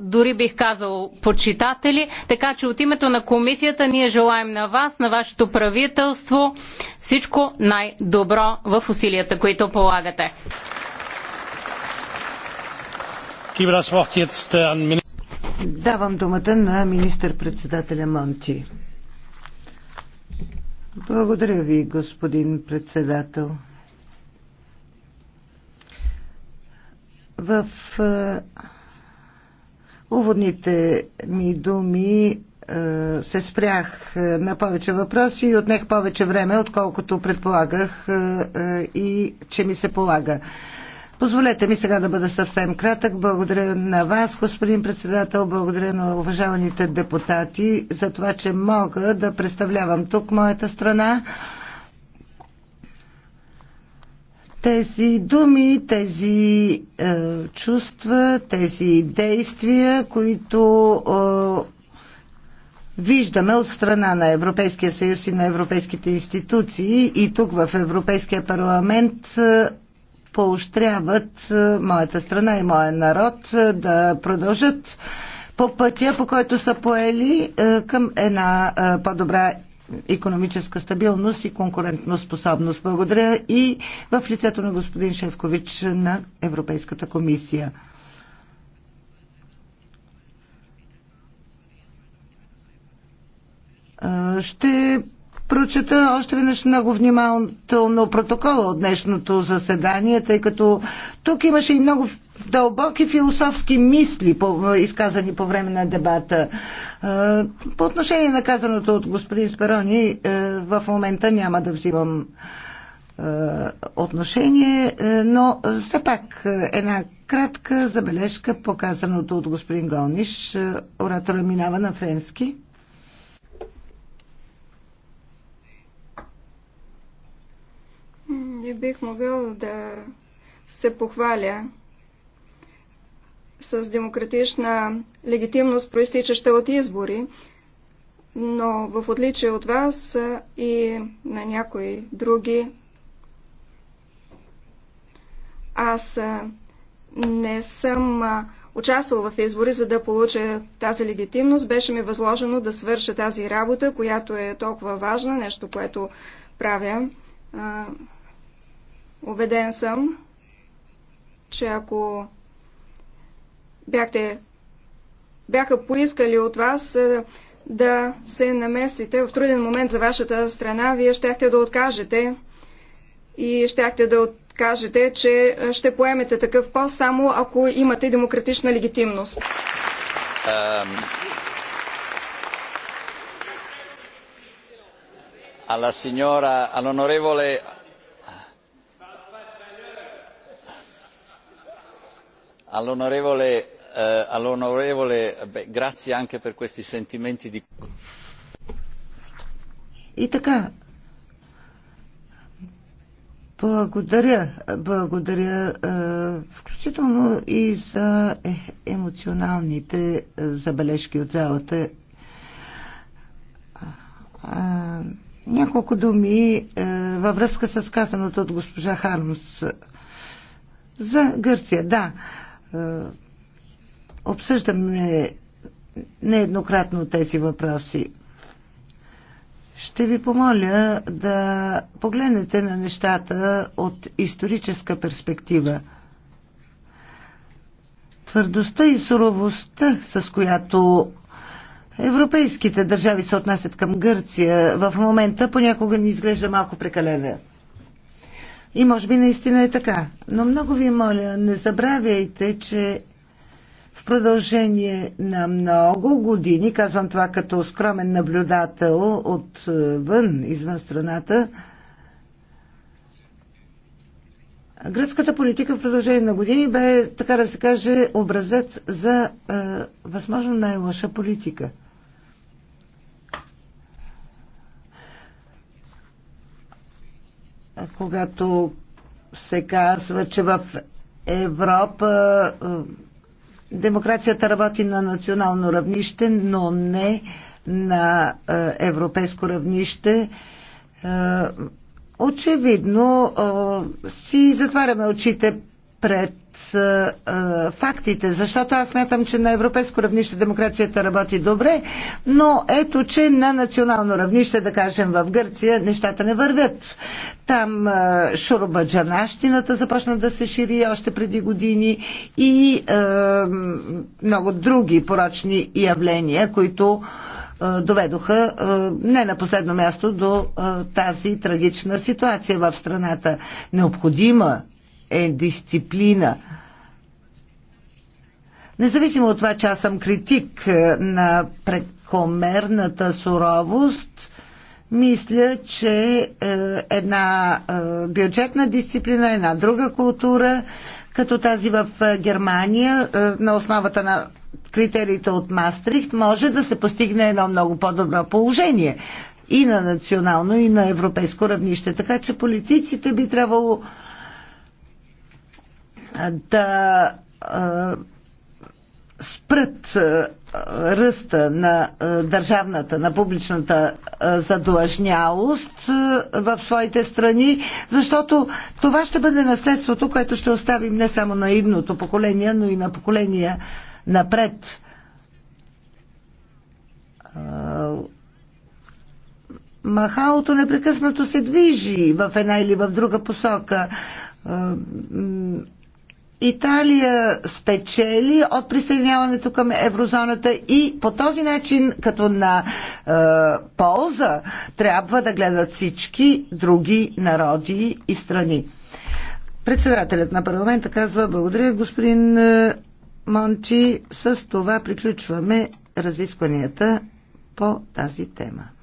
дори бих казал почитатели, така че от името на комисията ние желаем на вас, на вашето правителство всичко най-добро в усилията, които полагате. Давам думата на министър-председателя Монти. Благодаря ви, господин председател. В уводните ми думи се спрях на повече въпроси и отнех повече време, отколкото предполагах и че ми се полага. Позволете ми сега да бъда съвсем кратък. Благодаря на вас, господин председател, благодаря на уважаваните депутати за това, че мога да представлявам тук моята страна. Тези думи, тези е, чувства, тези действия, които е, виждаме от страна на Европейския съюз и на европейските институции и тук в Европейския парламент. Е, поощряват е, моята страна и моя народ е, да продължат по пътя, по който са поели е, към една по-добра економическа стабилност и конкурентноспособност. Благодаря и в лицето на господин Шевкович на Европейската комисия. Ще прочета още веднъж много внимателно протокола от днешното заседание, тъй като тук имаше и много дълбоки философски мисли, изказани по време на дебата. Е, по отношение на казаното от господин Сперони, е, в момента няма да взимам е, отношение, но все пак една кратка забележка по казаното от господин Голниш. Оратора минава на френски. Не бих могъл да се похваля с демократична легитимност, проистичаща от избори, но в отличие от вас и на някои други, аз не съм участвал в избори, за да получа тази легитимност. Беше ми възложено да свърша тази работа, която е толкова важна, нещо, което правя Убеден съм, че ако бяхте, бяха поискали от вас е, да се намесите в труден момент за вашата страна, вие щяхте да откажете и щяхте да откажете, че ще поемете такъв пост само ако имате демократична легитимност. Alla signora, all'onorevole all'onorevole eh, grazie anche per questi sentimenti di. И така, благодаря, благодаря, е, включително и за е, емоционалните е, забележки от залата. Няколко думи във връзка с казаното от госпожа Хармс за Гърция. Да, е, обсъждаме нееднократно тези въпроси. Ще ви помоля да погледнете на нещата от историческа перспектива. Твърдостта и суровостта, с която европейските държави се отнасят към Гърция, в момента понякога ни изглежда малко прекалена. И може би наистина е така. Но много ви моля, не забравяйте, че в продължение на много години, казвам това като скромен наблюдател от е, вън, извън страната, гръцката политика в продължение на години бе, така да се каже, образец за е, възможно най-лоша политика – когато се казва, че в Европа е, демокрацията работи на национално равнище, но не на е, европейско равнище. Е, очевидно си затваряме очите пред а, а, фактите, защото аз смятам, че на европейско равнище демокрацията работи добре, но ето, че на национално равнище, да кажем в Гърция, нещата не вървят. Там а, шурбаджанащината започна да се шири още преди години и а, много други порочни явления, които доведоха не на последно място до тази трагична ситуация в страната. Необходима е дисциплина. Независимо от това, че аз съм критик е, на прекомерната суровост, мисля, че е, една е, бюджетна дисциплина, една друга култура, като тази в Германия, на основата на критериите от Мастрихт, може да се постигне едно много по-добро положение и на национално, и на европейско равнище. Така че политиците би трябвало да спрат ръста на държавната, на публичната задлъжнялост в своите страни, защото това ще бъде наследството, което ще оставим не само на идното поколение, но и на поколения напред. Махалото непрекъснато се движи в една или в друга посока Италия спечели от присъединяването към еврозоната и по този начин, като на е, полза, трябва да гледат всички други народи и страни. Председателят на парламента казва благодаря господин е, Монти. С това приключваме разискванията по тази тема.